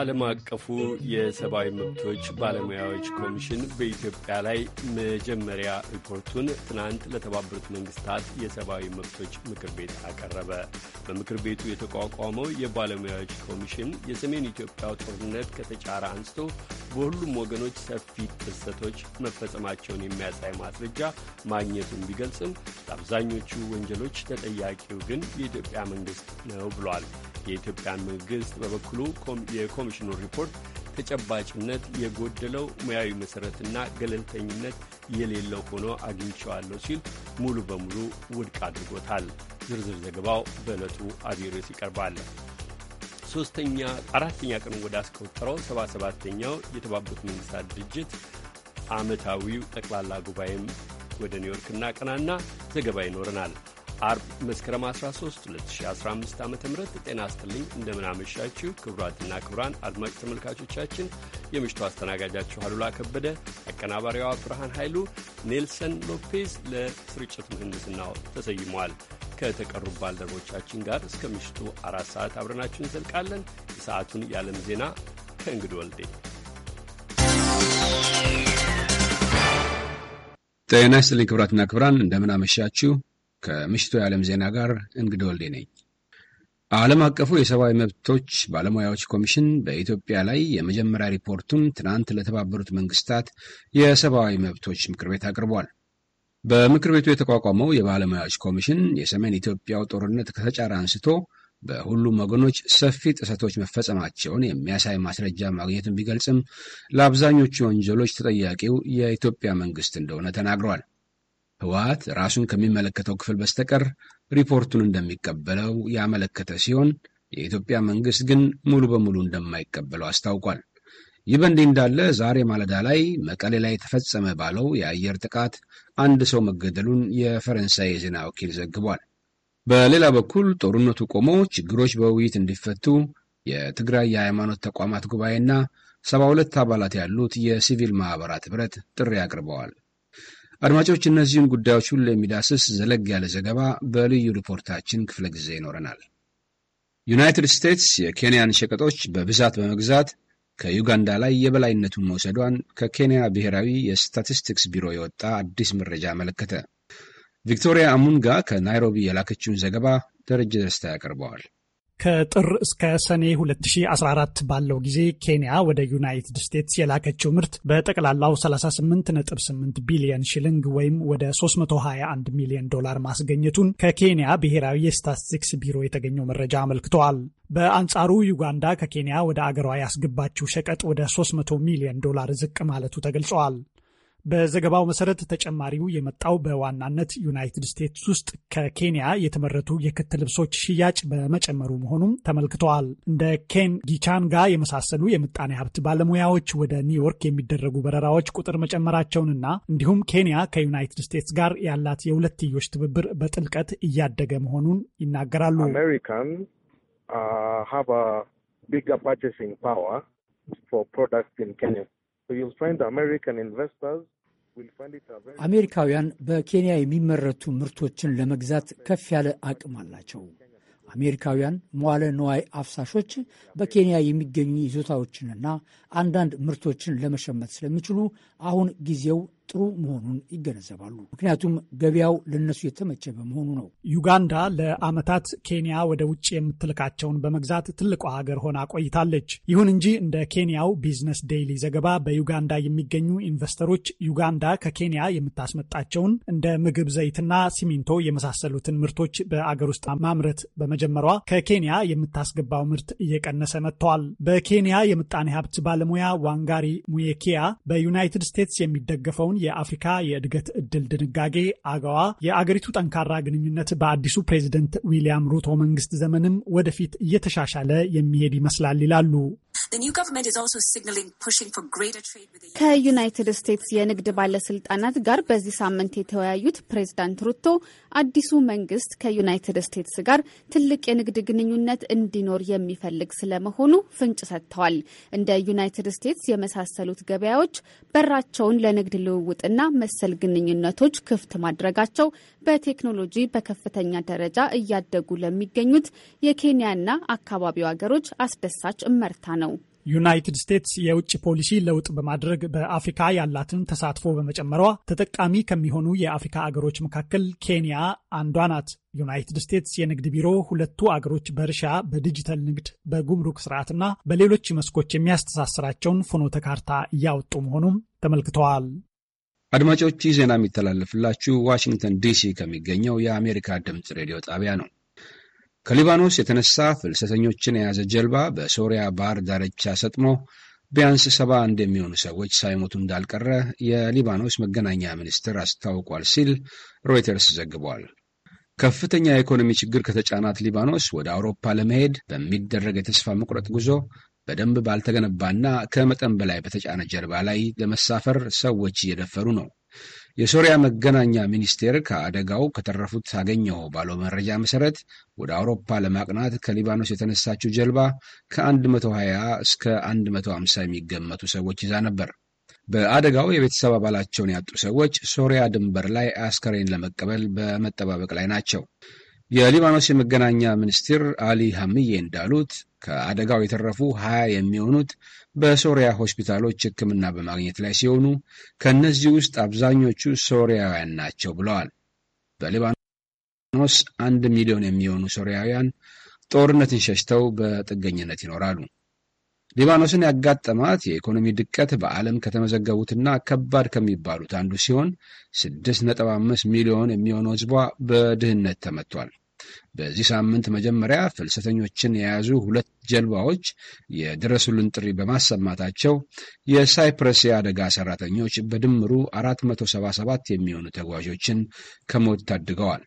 ዓለም አቀፉ የሰብአዊ መብቶች ባለሙያዎች ኮሚሽን በኢትዮጵያ ላይ መጀመሪያ ሪፖርቱን ትናንት ለተባበሩት መንግስታት የሰብአዊ መብቶች ምክር ቤት አቀረበ። በምክር ቤቱ የተቋቋመው የባለሙያዎች ኮሚሽን የሰሜን ኢትዮጵያው ጦርነት ከተጫረ አንስቶ በሁሉም ወገኖች ሰፊ ጥሰቶች መፈጸማቸውን የሚያሳይ ማስረጃ ማግኘቱን ቢገልጽም ለአብዛኞቹ ወንጀሎች ተጠያቂው ግን የኢትዮጵያ መንግስት ነው ብሏል። የኢትዮጵያ መንግስት በበኩሉ የኮሚሽኑ ሪፖርት ተጨባጭነት የጎደለው ሙያዊ መሠረትና ገለልተኝነት የሌለው ሆኖ አግኝቸዋለሁ ሲል ሙሉ በሙሉ ውድቅ አድርጎታል። ዝርዝር ዘገባው በዕለቱ አብይ ርዕስ ይቀርባል። ሶስተኛ አራተኛ ቀን ወደ አስቆጠረው ሰባ ሰባተኛው የተባበሩት መንግስታት ድርጅት ዓመታዊው ጠቅላላ ጉባኤም ወደ ኒውዮርክ እናቀናና ዘገባ ይኖረናል። አርብ መስከረም 13 2015 ዓ ም ጤና ይስጥልኝ። እንደምናመሻችሁ ክቡራትና ክቡራን አድማጭ ተመልካቾቻችን የምሽቱ አስተናጋጃችሁ አሉላ ከበደ፣ አቀናባሪዋ ብርሃን ኃይሉ፣ ኔልሰን ሎፔዝ ለስርጭት ምህንድስናው ተሰይሟል። ከተቀሩ ባልደረቦቻችን ጋር እስከ ምሽቱ አራት ሰዓት አብረናችሁ እንዘልቃለን። የሰዓቱን የዓለም ዜና ከእንግድ ወልዴ ጤና ይስጥልኝ። ክቡራትና ክቡራን አመሻችሁ? ከምሽቱ የዓለም ዜና ጋር እንግድ ወልዴ ነኝ። ዓለም አቀፉ የሰብአዊ መብቶች ባለሙያዎች ኮሚሽን በኢትዮጵያ ላይ የመጀመሪያ ሪፖርቱን ትናንት ለተባበሩት መንግስታት የሰብአዊ መብቶች ምክር ቤት አቅርቧል። በምክር ቤቱ የተቋቋመው የባለሙያዎች ኮሚሽን የሰሜን ኢትዮጵያው ጦርነት ከተጫረ አንስቶ በሁሉም ወገኖች ሰፊ ጥሰቶች መፈጸማቸውን የሚያሳይ ማስረጃ ማግኘቱን ቢገልጽም ለአብዛኞቹ ወንጀሎች ተጠያቂው የኢትዮጵያ መንግስት እንደሆነ ተናግሯል። ህወሓት ራሱን ከሚመለከተው ክፍል በስተቀር ሪፖርቱን እንደሚቀበለው ያመለከተ ሲሆን የኢትዮጵያ መንግስት ግን ሙሉ በሙሉ እንደማይቀበለው አስታውቋል። ይህ በእንዲህ እንዳለ ዛሬ ማለዳ ላይ መቀሌ ላይ ተፈጸመ ባለው የአየር ጥቃት አንድ ሰው መገደሉን የፈረንሳይ የዜና ወኪል ዘግቧል። በሌላ በኩል ጦርነቱ ቆሞ ችግሮች በውይይት እንዲፈቱ የትግራይ የሃይማኖት ተቋማት ጉባኤና ሰባ ሁለት አባላት ያሉት የሲቪል ማኅበራት ኅብረት ጥሪ አቅርበዋል። አድማጮች፣ እነዚህን ጉዳዮች ሁሉ የሚዳስስ ዘለግ ያለ ዘገባ በልዩ ሪፖርታችን ክፍለ ጊዜ ይኖረናል። ዩናይትድ ስቴትስ የኬንያን ሸቀጦች በብዛት በመግዛት ከዩጋንዳ ላይ የበላይነቱን መውሰዷን ከኬንያ ብሔራዊ የስታቲስቲክስ ቢሮ የወጣ አዲስ መረጃ አመለከተ። ቪክቶሪያ አሙንጋ ከናይሮቢ የላከችውን ዘገባ ደረጀ ደስታ ያቀርበዋል። ከጥር እስከ ሰኔ 2014 ባለው ጊዜ ኬንያ ወደ ዩናይትድ ስቴትስ የላከችው ምርት በጠቅላላው 38.8 ቢሊዮን ሽልንግ ወይም ወደ 321 ሚሊዮን ዶላር ማስገኘቱን ከኬንያ ብሔራዊ የስታትስቲክስ ቢሮ የተገኘው መረጃ አመልክተዋል። በአንጻሩ ዩጋንዳ ከኬንያ ወደ አገሯ ያስገባችው ሸቀጥ ወደ 300 ሚሊዮን ዶላር ዝቅ ማለቱ ተገልጸዋል። በዘገባው መሰረት ተጨማሪው የመጣው በዋናነት ዩናይትድ ስቴትስ ውስጥ ከኬንያ የተመረቱ የክት ልብሶች ሽያጭ በመጨመሩ መሆኑም ተመልክተዋል። እንደ ኬን ጊቻንጋ የመሳሰሉ የምጣኔ ሀብት ባለሙያዎች ወደ ኒውዮርክ የሚደረጉ በረራዎች ቁጥር መጨመራቸውንና እንዲሁም ኬንያ ከዩናይትድ ስቴትስ ጋር ያላት የሁለትዮሽ ትብብር በጥልቀት እያደገ መሆኑን ይናገራሉ። ፓወር ፎር ኢን ኬንያ አሜሪካውያን በኬንያ የሚመረቱ ምርቶችን ለመግዛት ከፍ ያለ አቅም አላቸው። አሜሪካውያን መዋለ ነዋይ አፍሳሾች በኬንያ የሚገኙ ይዞታዎችንና አንዳንድ ምርቶችን ለመሸመት ስለሚችሉ አሁን ጊዜው ጥሩ መሆኑን ይገነዘባሉ። ምክንያቱም ገበያው ለነሱ የተመቸ በመሆኑ ነው። ዩጋንዳ ለዓመታት ኬንያ ወደ ውጭ የምትልካቸውን በመግዛት ትልቋ ሀገር ሆና ቆይታለች። ይሁን እንጂ እንደ ኬንያው ቢዝነስ ዴይሊ ዘገባ በዩጋንዳ የሚገኙ ኢንቨስተሮች ዩጋንዳ ከኬንያ የምታስመጣቸውን እንደ ምግብ ዘይትና ሲሚንቶ የመሳሰሉትን ምርቶች በአገር ውስጥ ማምረት በመጀመሯ ከኬንያ የምታስገባው ምርት እየቀነሰ መጥተዋል። በኬንያ የምጣኔ ሀብት ባለሙያ ዋንጋሪ ሙዬኪያ በዩናይትድ ስቴትስ የሚደገፈውን የአፍሪካ የእድገት እድል ድንጋጌ አገዋ የአገሪቱ ጠንካራ ግንኙነት በአዲሱ ፕሬዚደንት ዊሊያም ሩቶ መንግስት ዘመንም ወደፊት እየተሻሻለ የሚሄድ ይመስላል ይላሉ። ከዩናይትድ ስቴትስ የንግድ ባለስልጣናት ጋር በዚህ ሳምንት የተወያዩት ፕሬዝዳንት ሩቶ አዲሱ መንግስት ከዩናይትድ ስቴትስ ጋር ትልቅ የንግድ ግንኙነት እንዲኖር የሚፈልግ ስለመሆኑ ፍንጭ ሰጥተዋል። እንደ ዩናይትድ ስቴትስ የመሳሰሉት ገበያዎች በራቸውን ለንግድ ልውውጥና መሰል ግንኙነቶች ክፍት ማድረጋቸው በቴክኖሎጂ በከፍተኛ ደረጃ እያደጉ ለሚገኙት የኬንያና አካባቢው ሀገሮች አስደሳች እመርታ ነው። ዩናይትድ ስቴትስ የውጭ ፖሊሲ ለውጥ በማድረግ በአፍሪካ ያላትን ተሳትፎ በመጨመሯ ተጠቃሚ ከሚሆኑ የአፍሪካ አገሮች መካከል ኬንያ አንዷ ናት። ዩናይትድ ስቴትስ የንግድ ቢሮ ሁለቱ አገሮች በእርሻ፣ በዲጂታል ንግድ፣ በጉምሩክ ስርዓትና በሌሎች መስኮች የሚያስተሳስራቸውን ፍኖተ ካርታ እያወጡ መሆኑም ተመልክተዋል። አድማጮች ይህ ዜና የሚተላለፍላችሁ ዋሽንግተን ዲሲ ከሚገኘው የአሜሪካ ድምፅ ሬዲዮ ጣቢያ ነው። ከሊባኖስ የተነሳ ፍልሰተኞችን የያዘ ጀልባ በሶሪያ ባህር ዳርቻ ሰጥሞ ቢያንስ ሰባ እንደሚሆኑ ሰዎች ሳይሞቱ እንዳልቀረ የሊባኖስ መገናኛ ሚኒስቴር አስታውቋል ሲል ሮይተርስ ዘግቧል። ከፍተኛ የኢኮኖሚ ችግር ከተጫናት ሊባኖስ ወደ አውሮፓ ለመሄድ በሚደረግ የተስፋ መቁረጥ ጉዞ በደንብ ባልተገነባና ከመጠን በላይ በተጫነ ጀልባ ላይ ለመሳፈር ሰዎች እየደፈሩ ነው። የሶሪያ መገናኛ ሚኒስቴር ከአደጋው ከተረፉት አገኘው ባለው መረጃ መሰረት ወደ አውሮፓ ለማቅናት ከሊባኖስ የተነሳችው ጀልባ ከ120 እስከ 150 የሚገመቱ ሰዎች ይዛ ነበር። በአደጋው የቤተሰብ አባላቸውን ያጡ ሰዎች ሶሪያ ድንበር ላይ አስከሬን ለመቀበል በመጠባበቅ ላይ ናቸው። የሊባኖስ የመገናኛ ሚኒስትር አሊ ሐምዬ እንዳሉት ከአደጋው የተረፉ 20 የሚሆኑት በሶሪያ ሆስፒታሎች ሕክምና በማግኘት ላይ ሲሆኑ ከእነዚህ ውስጥ አብዛኞቹ ሶሪያውያን ናቸው ብለዋል። በሊባኖስ አንድ ሚሊዮን የሚሆኑ ሶሪያውያን ጦርነትን ሸሽተው በጥገኝነት ይኖራሉ። ሊባኖስን ያጋጠማት የኢኮኖሚ ድቀት በዓለም ከተመዘገቡትና ከባድ ከሚባሉት አንዱ ሲሆን 6.5 ሚሊዮን የሚሆኑ ህዝቧ በድህነት ተመቷል። በዚህ ሳምንት መጀመሪያ ፍልሰተኞችን የያዙ ሁለት ጀልባዎች የድረሱልን ጥሪ በማሰማታቸው የሳይፕረስ የአደጋ ሰራተኞች በድምሩ 477 የሚሆኑ ተጓዦችን ከሞት ታድገዋል።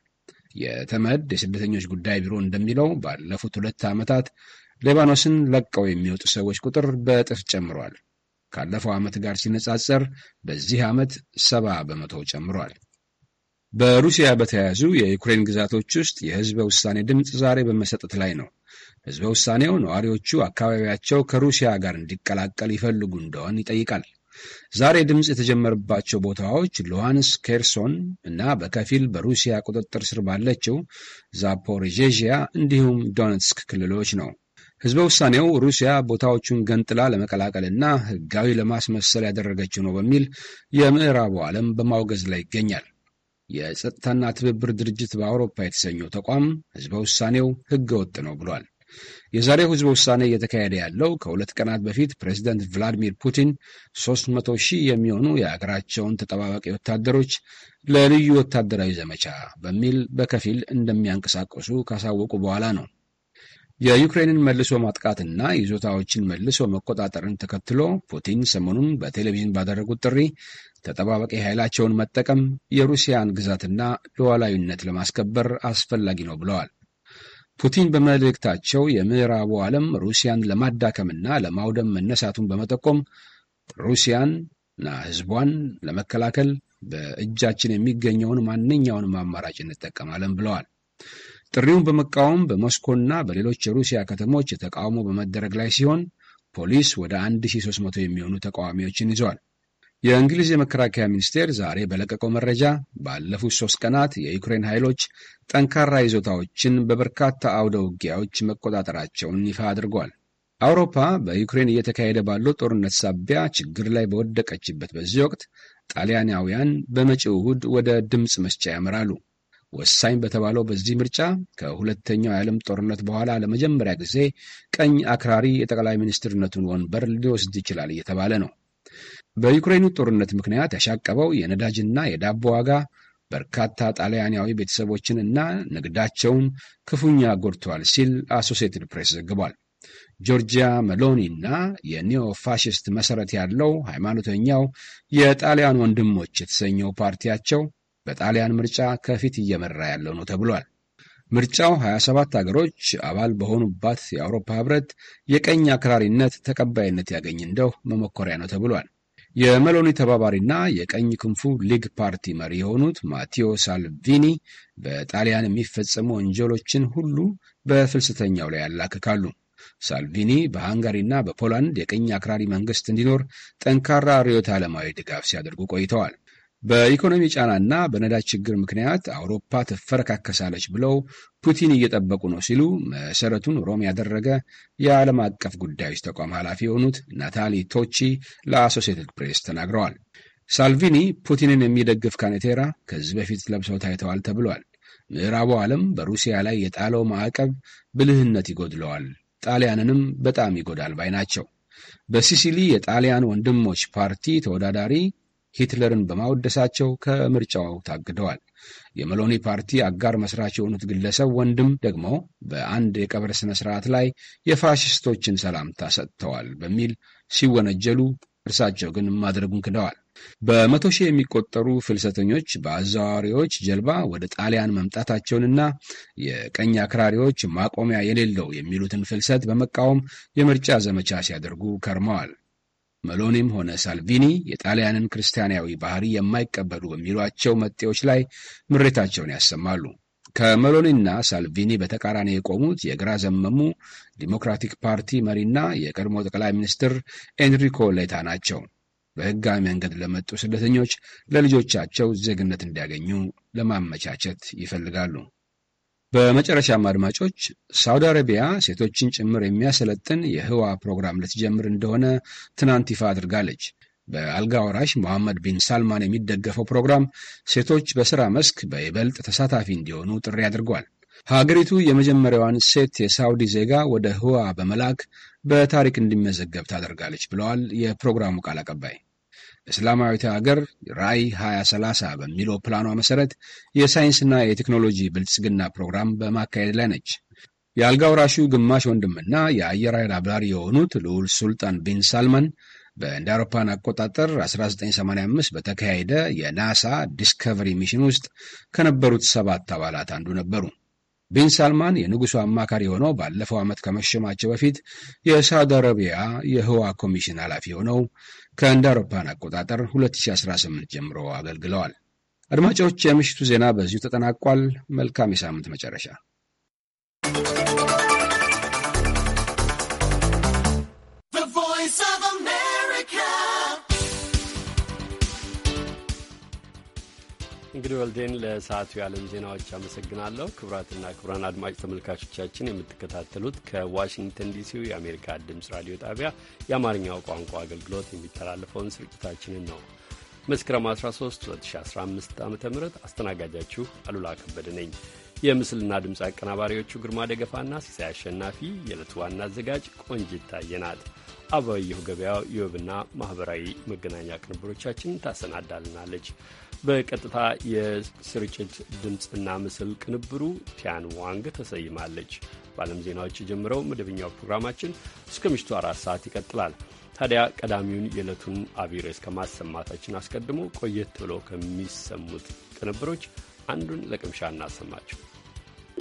የተመድ የስደተኞች ጉዳይ ቢሮ እንደሚለው ባለፉት ሁለት ዓመታት ሌባኖስን ለቀው የሚወጡ ሰዎች ቁጥር በእጥፍ ጨምሯል። ካለፈው ዓመት ጋር ሲነጻጸር በዚህ ዓመት ሰባ በመቶ ጨምሯል። በሩሲያ በተያያዙ የዩክሬን ግዛቶች ውስጥ የህዝበ ውሳኔ ድምፅ ዛሬ በመሰጠት ላይ ነው። ህዝበ ውሳኔው ነዋሪዎቹ አካባቢያቸው ከሩሲያ ጋር እንዲቀላቀል ይፈልጉ እንደሆን ይጠይቃል። ዛሬ ድምፅ የተጀመረባቸው ቦታዎች ሉሃንስክ፣ ኬርሶን እና በከፊል በሩሲያ ቁጥጥር ስር ባለችው ዛፖሪዥያ እንዲሁም ዶነትስክ ክልሎች ነው። ህዝበ ውሳኔው ሩሲያ ቦታዎቹን ገንጥላ ለመቀላቀልና ህጋዊ ለማስመሰል ያደረገችው ነው በሚል የምዕራቡ ዓለም በማውገዝ ላይ ይገኛል። የጸጥታና ትብብር ድርጅት በአውሮፓ የተሰኘው ተቋም ህዝበ ውሳኔው ህገ ወጥ ነው ብሏል። የዛሬው ህዝበ ውሳኔ እየተካሄደ ያለው ከሁለት ቀናት በፊት ፕሬዚደንት ቭላዲሚር ፑቲን 300 ሺህ የሚሆኑ የአገራቸውን ተጠባባቂ ወታደሮች ለልዩ ወታደራዊ ዘመቻ በሚል በከፊል እንደሚያንቀሳቀሱ ካሳወቁ በኋላ ነው። የዩክሬንን መልሶ ማጥቃትና ይዞታዎችን መልሶ መቆጣጠርን ተከትሎ ፑቲን ሰሞኑን በቴሌቪዥን ባደረጉት ጥሪ ተጠባባቂ ኃይላቸውን መጠቀም የሩሲያን ግዛትና ሉዓላዊነት ለማስከበር አስፈላጊ ነው ብለዋል። ፑቲን በመልእክታቸው የምዕራቡ ዓለም ሩሲያን ለማዳከምና ለማውደም መነሳቱን በመጠቆም ሩሲያንና ሕዝቧን ለመከላከል በእጃችን የሚገኘውን ማንኛውንም አማራጭ እንጠቀማለን ብለዋል። ጥሪውን በመቃወም በሞስኮና በሌሎች የሩሲያ ከተሞች ተቃውሞ በመደረግ ላይ ሲሆን ፖሊስ ወደ 1300 የሚሆኑ ተቃዋሚዎችን ይዟል። የእንግሊዝ የመከላከያ ሚኒስቴር ዛሬ በለቀቀው መረጃ ባለፉት ሶስት ቀናት የዩክሬን ኃይሎች ጠንካራ ይዞታዎችን በበርካታ አውደ ውጊያዎች መቆጣጠራቸውን ይፋ አድርጓል። አውሮፓ በዩክሬን እየተካሄደ ባለው ጦርነት ሳቢያ ችግር ላይ በወደቀችበት በዚህ ወቅት ጣሊያናውያን በመጪው እሁድ ወደ ድምፅ መስጫ ያመራሉ። ወሳኝ በተባለው በዚህ ምርጫ ከሁለተኛው የዓለም ጦርነት በኋላ ለመጀመሪያ ጊዜ ቀኝ አክራሪ የጠቅላይ ሚኒስትርነቱን ወንበር ሊወስድ ይችላል እየተባለ ነው። በዩክሬኑ ጦርነት ምክንያት ያሻቀበው የነዳጅና የዳቦ ዋጋ በርካታ ጣሊያናዊ ቤተሰቦችን እና ንግዳቸውን ክፉኛ ጎድተዋል ሲል አሶሴትድ ፕሬስ ዘግቧል። ጆርጂያ መሎኒ እና የኒዮ ፋሽስት መሰረት ያለው ሃይማኖተኛው የጣሊያን ወንድሞች የተሰኘው ፓርቲያቸው በጣሊያን ምርጫ ከፊት እየመራ ያለው ነው ተብሏል። ምርጫው 27 ሀገሮች አባል በሆኑባት የአውሮፓ ህብረት የቀኝ አክራሪነት ተቀባይነት ያገኝ እንደው መሞከሪያ ነው ተብሏል። የመሎኒ ተባባሪና የቀኝ ክንፉ ሊግ ፓርቲ መሪ የሆኑት ማቴዎ ሳልቪኒ በጣሊያን የሚፈጸሙ ወንጀሎችን ሁሉ በፍልሰተኛው ላይ ያላክካሉ። ሳልቪኒ በሃንጋሪና በፖላንድ የቀኝ አክራሪ መንግስት እንዲኖር ጠንካራ ርዕዮተ ዓለማዊ ድጋፍ ሲያደርጉ ቆይተዋል። በኢኮኖሚ ጫናና በነዳጅ ችግር ምክንያት አውሮፓ ትፈረካከሳለች ብለው ፑቲን እየጠበቁ ነው ሲሉ መሰረቱን ሮም ያደረገ የዓለም አቀፍ ጉዳዮች ተቋም ኃላፊ የሆኑት ናታሊ ቶቺ ለአሶሴትድ ፕሬስ ተናግረዋል። ሳልቪኒ ፑቲንን የሚደግፍ ካኔቴራ ከዚህ በፊት ለብሰው ታይተዋል ተብሏል። ምዕራቡ ዓለም በሩሲያ ላይ የጣለው ማዕቀብ ብልህነት ይጎድለዋል፣ ጣሊያንንም በጣም ይጎዳል ባይ ናቸው። በሲሲሊ የጣሊያን ወንድሞች ፓርቲ ተወዳዳሪ ሂትለርን በማወደሳቸው ከምርጫው ታግደዋል። የመሎኒ ፓርቲ አጋር መስራች የሆኑት ግለሰብ ወንድም ደግሞ በአንድ የቀብር ስነ ስርዓት ላይ የፋሽስቶችን ሰላምታ ሰጥተዋል በሚል ሲወነጀሉ፣ እርሳቸው ግን ማድረጉን ክደዋል። በመቶ ሺህ የሚቆጠሩ ፍልሰተኞች በአዘዋዋሪዎች ጀልባ ወደ ጣሊያን መምጣታቸውንና የቀኝ አክራሪዎች ማቆሚያ የሌለው የሚሉትን ፍልሰት በመቃወም የምርጫ ዘመቻ ሲያደርጉ ከርመዋል። መሎኒም ሆነ ሳልቪኒ የጣሊያንን ክርስቲያናዊ ባህሪ የማይቀበሉ በሚሏቸው መጤዎች ላይ ምሬታቸውን ያሰማሉ። ከመሎኒና ሳልቪኒ በተቃራኒ የቆሙት የግራ ዘመሙ ዲሞክራቲክ ፓርቲ መሪና የቀድሞ ጠቅላይ ሚኒስትር ኤንሪኮ ሌታ ናቸው። በህጋዊ መንገድ ለመጡ ስደተኞች ለልጆቻቸው ዜግነት እንዲያገኙ ለማመቻቸት ይፈልጋሉ። በመጨረሻም አድማጮች ሳውዲ አረቢያ ሴቶችን ጭምር የሚያሰለጥን የህዋ ፕሮግራም ልትጀምር እንደሆነ ትናንት ይፋ አድርጋለች። በአልጋ ወራሽ ሞሐመድ ቢን ሳልማን የሚደገፈው ፕሮግራም ሴቶች በሥራ መስክ በይበልጥ ተሳታፊ እንዲሆኑ ጥሪ አድርጓል። ሀገሪቱ የመጀመሪያዋን ሴት የሳውዲ ዜጋ ወደ ህዋ በመላክ በታሪክ እንዲመዘገብ ታደርጋለች ብለዋል የፕሮግራሙ ቃል አቀባይ። እስላማዊት ሀገር ራዕይ 2030 በሚለው ፕላኗ መሰረት የሳይንስና የቴክኖሎጂ ብልጽግና ፕሮግራም በማካሄድ ላይ ነች። የአልጋ ወራሹ ግማሽ ወንድምና የአየር ኃይል አብራሪ የሆኑት ልዑል ሱልጣን ቢን ሳልማን በእንደ አውሮፓን አቆጣጠር 1985 በተካሄደ የናሳ ዲስከቨሪ ሚሽን ውስጥ ከነበሩት ሰባት አባላት አንዱ ነበሩ። ቢን ሳልማን የንጉሡ አማካሪ ሆነው ባለፈው ዓመት ከመሾማቸው በፊት የሳውዲ አረቢያ የህዋ ኮሚሽን ኃላፊ ሆነው ከእንደ አውሮፓን አቆጣጠር 2018 ጀምሮ አገልግለዋል። አድማጮች፣ የምሽቱ ዜና በዚሁ ተጠናቋል። መልካም የሳምንት መጨረሻ እንግዲህ ወልዴን ለሰዓቱ የዓለም ዜናዎች አመሰግናለሁ። ክቡራትና ክቡራን አድማጭ ተመልካቾቻችን የምትከታተሉት ከዋሽንግተን ዲሲው የአሜሪካ ድምፅ ራዲዮ ጣቢያ የአማርኛው ቋንቋ አገልግሎት የሚተላለፈውን ስርጭታችንን ነው። መስከረም 13 2015 ዓ ም አስተናጋጃችሁ አሉላ ከበደ ነኝ። የምስልና ድምፅ አቀናባሪዎቹ ግርማ ደገፋና ሲሳይ አሸናፊ፣ የዕለቱ ዋና አዘጋጅ ቆንጅ ይታየናት። አበባየሁ ገበያው የወብና ማኅበራዊ መገናኛ ቅንብሮቻችን ታሰናዳልናለች። በቀጥታ የስርጭት ድምፅና ምስል ቅንብሩ ቲያን ዋንግ ተሰይማለች። በዓለም ዜናዎች የጀምረው መደበኛው ፕሮግራማችን እስከ ምሽቱ አራት ሰዓት ይቀጥላል። ታዲያ ቀዳሚውን የዕለቱን አቢር እስከ ማሰማታችን አስቀድሞ ቆየት ብሎ ከሚሰሙት ቅንብሮች አንዱን ለቅምሻ እናሰማቸው።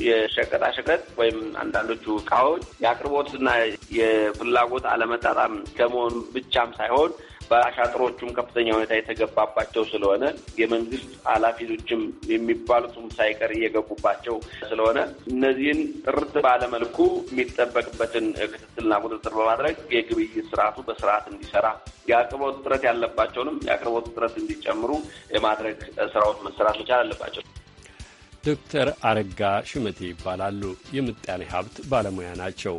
የሸቀጣሸቀጥ ወይም አንዳንዶቹ እቃዎች የአቅርቦትና የፍላጎት አለመጣጣም ከመሆኑ ብቻም ሳይሆን በአሻጥሮቹም ከፍተኛ ሁኔታ የተገባባቸው ስለሆነ የመንግስት ኃላፊዎችም የሚባሉትም ሳይቀር እየገቡባቸው ስለሆነ እነዚህን ጥርት ባለመልኩ የሚጠበቅበትን ክትትልና ቁጥጥር በማድረግ የግብይት ስርዓቱ በስርዓት እንዲሰራ የአቅርቦት እጥረት ያለባቸውንም የአቅርቦት እጥረት እንዲጨምሩ የማድረግ ስራዎች መሰራት መቻል አለባቸው። ዶክተር አረጋ ሹመቴ ይባላሉ። የምጣኔ ሀብት ባለሙያ ናቸው።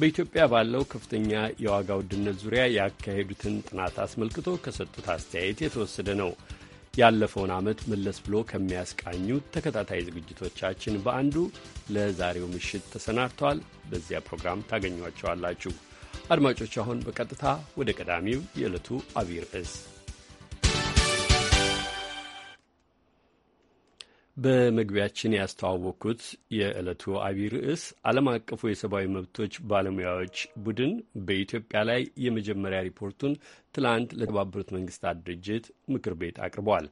በኢትዮጵያ ባለው ከፍተኛ የዋጋ ውድነት ዙሪያ ያካሄዱትን ጥናት አስመልክቶ ከሰጡት አስተያየት የተወሰደ ነው። ያለፈውን ዓመት መለስ ብሎ ከሚያስቃኙ ተከታታይ ዝግጅቶቻችን በአንዱ ለዛሬው ምሽት ተሰናድተዋል። በዚያ ፕሮግራም ታገኟቸዋላችሁ። አድማጮች፣ አሁን በቀጥታ ወደ ቀዳሚው የዕለቱ አብይ ርዕስ በመግቢያችን ያስተዋወቅኩት የዕለቱ አቢይ ርዕስ ዓለም አቀፉ የሰብአዊ መብቶች ባለሙያዎች ቡድን በኢትዮጵያ ላይ የመጀመሪያ ሪፖርቱን ትላንት ለተባበሩት መንግስታት ድርጅት ምክር ቤት አቅርበዋል።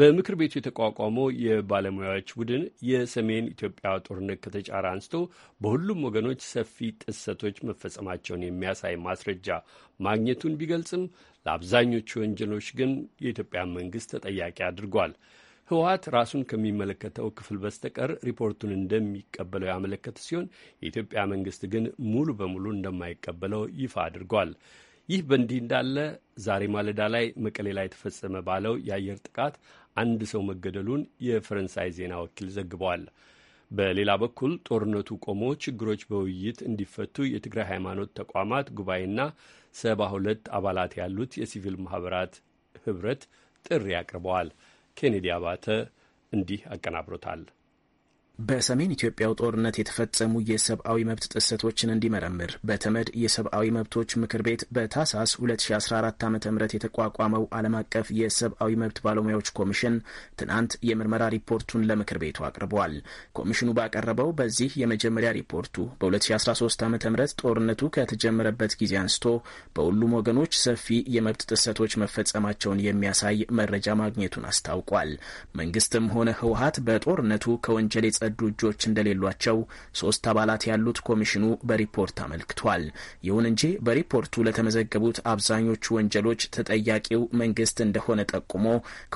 በምክር ቤቱ የተቋቋመው የባለሙያዎች ቡድን የሰሜን ኢትዮጵያ ጦርነት ከተጫረ አንስቶ በሁሉም ወገኖች ሰፊ ጥሰቶች መፈጸማቸውን የሚያሳይ ማስረጃ ማግኘቱን ቢገልጽም ለአብዛኞቹ ወንጀሎች ግን የኢትዮጵያ መንግስት ተጠያቂ አድርጓል። ህወሀት ራሱን ከሚመለከተው ክፍል በስተቀር ሪፖርቱን እንደሚቀበለው ያመለከት ሲሆን የኢትዮጵያ መንግስት ግን ሙሉ በሙሉ እንደማይቀበለው ይፋ አድርጓል። ይህ በእንዲህ እንዳለ ዛሬ ማለዳ ላይ መቀሌ ላይ የተፈጸመ ባለው የአየር ጥቃት አንድ ሰው መገደሉን የፈረንሳይ ዜና ወኪል ዘግቧል። በሌላ በኩል ጦርነቱ ቆሞ ችግሮች በውይይት እንዲፈቱ የትግራይ ሃይማኖት ተቋማት ጉባኤና ሰባ ሁለት አባላት ያሉት የሲቪል ማህበራት ህብረት ጥሪ አቅርበዋል። ኬኔዲ አባተ እንዲህ አቀናብሮታል። በሰሜን ኢትዮጵያው ጦርነት የተፈጸሙ የሰብአዊ መብት ጥሰቶችን እንዲመረምር በተመድ የሰብአዊ መብቶች ምክር ቤት በታሳስ 2014 ዓ ም የተቋቋመው ዓለም አቀፍ የሰብአዊ መብት ባለሙያዎች ኮሚሽን ትናንት የምርመራ ሪፖርቱን ለምክር ቤቱ አቅርበዋል። ኮሚሽኑ ባቀረበው በዚህ የመጀመሪያ ሪፖርቱ በ2013 ዓ ም ጦርነቱ ከተጀመረበት ጊዜ አንስቶ በሁሉም ወገኖች ሰፊ የመብት ጥሰቶች መፈጸማቸውን የሚያሳይ መረጃ ማግኘቱን አስታውቋል። መንግስትም ሆነ ህወሀት በጦርነቱ ከወንጀል የተጸዱ እጆች እንደሌሏቸው ሶስት አባላት ያሉት ኮሚሽኑ በሪፖርት አመልክቷል። ይሁን እንጂ በሪፖርቱ ለተመዘገቡት አብዛኞቹ ወንጀሎች ተጠያቂው መንግስት እንደሆነ ጠቁሞ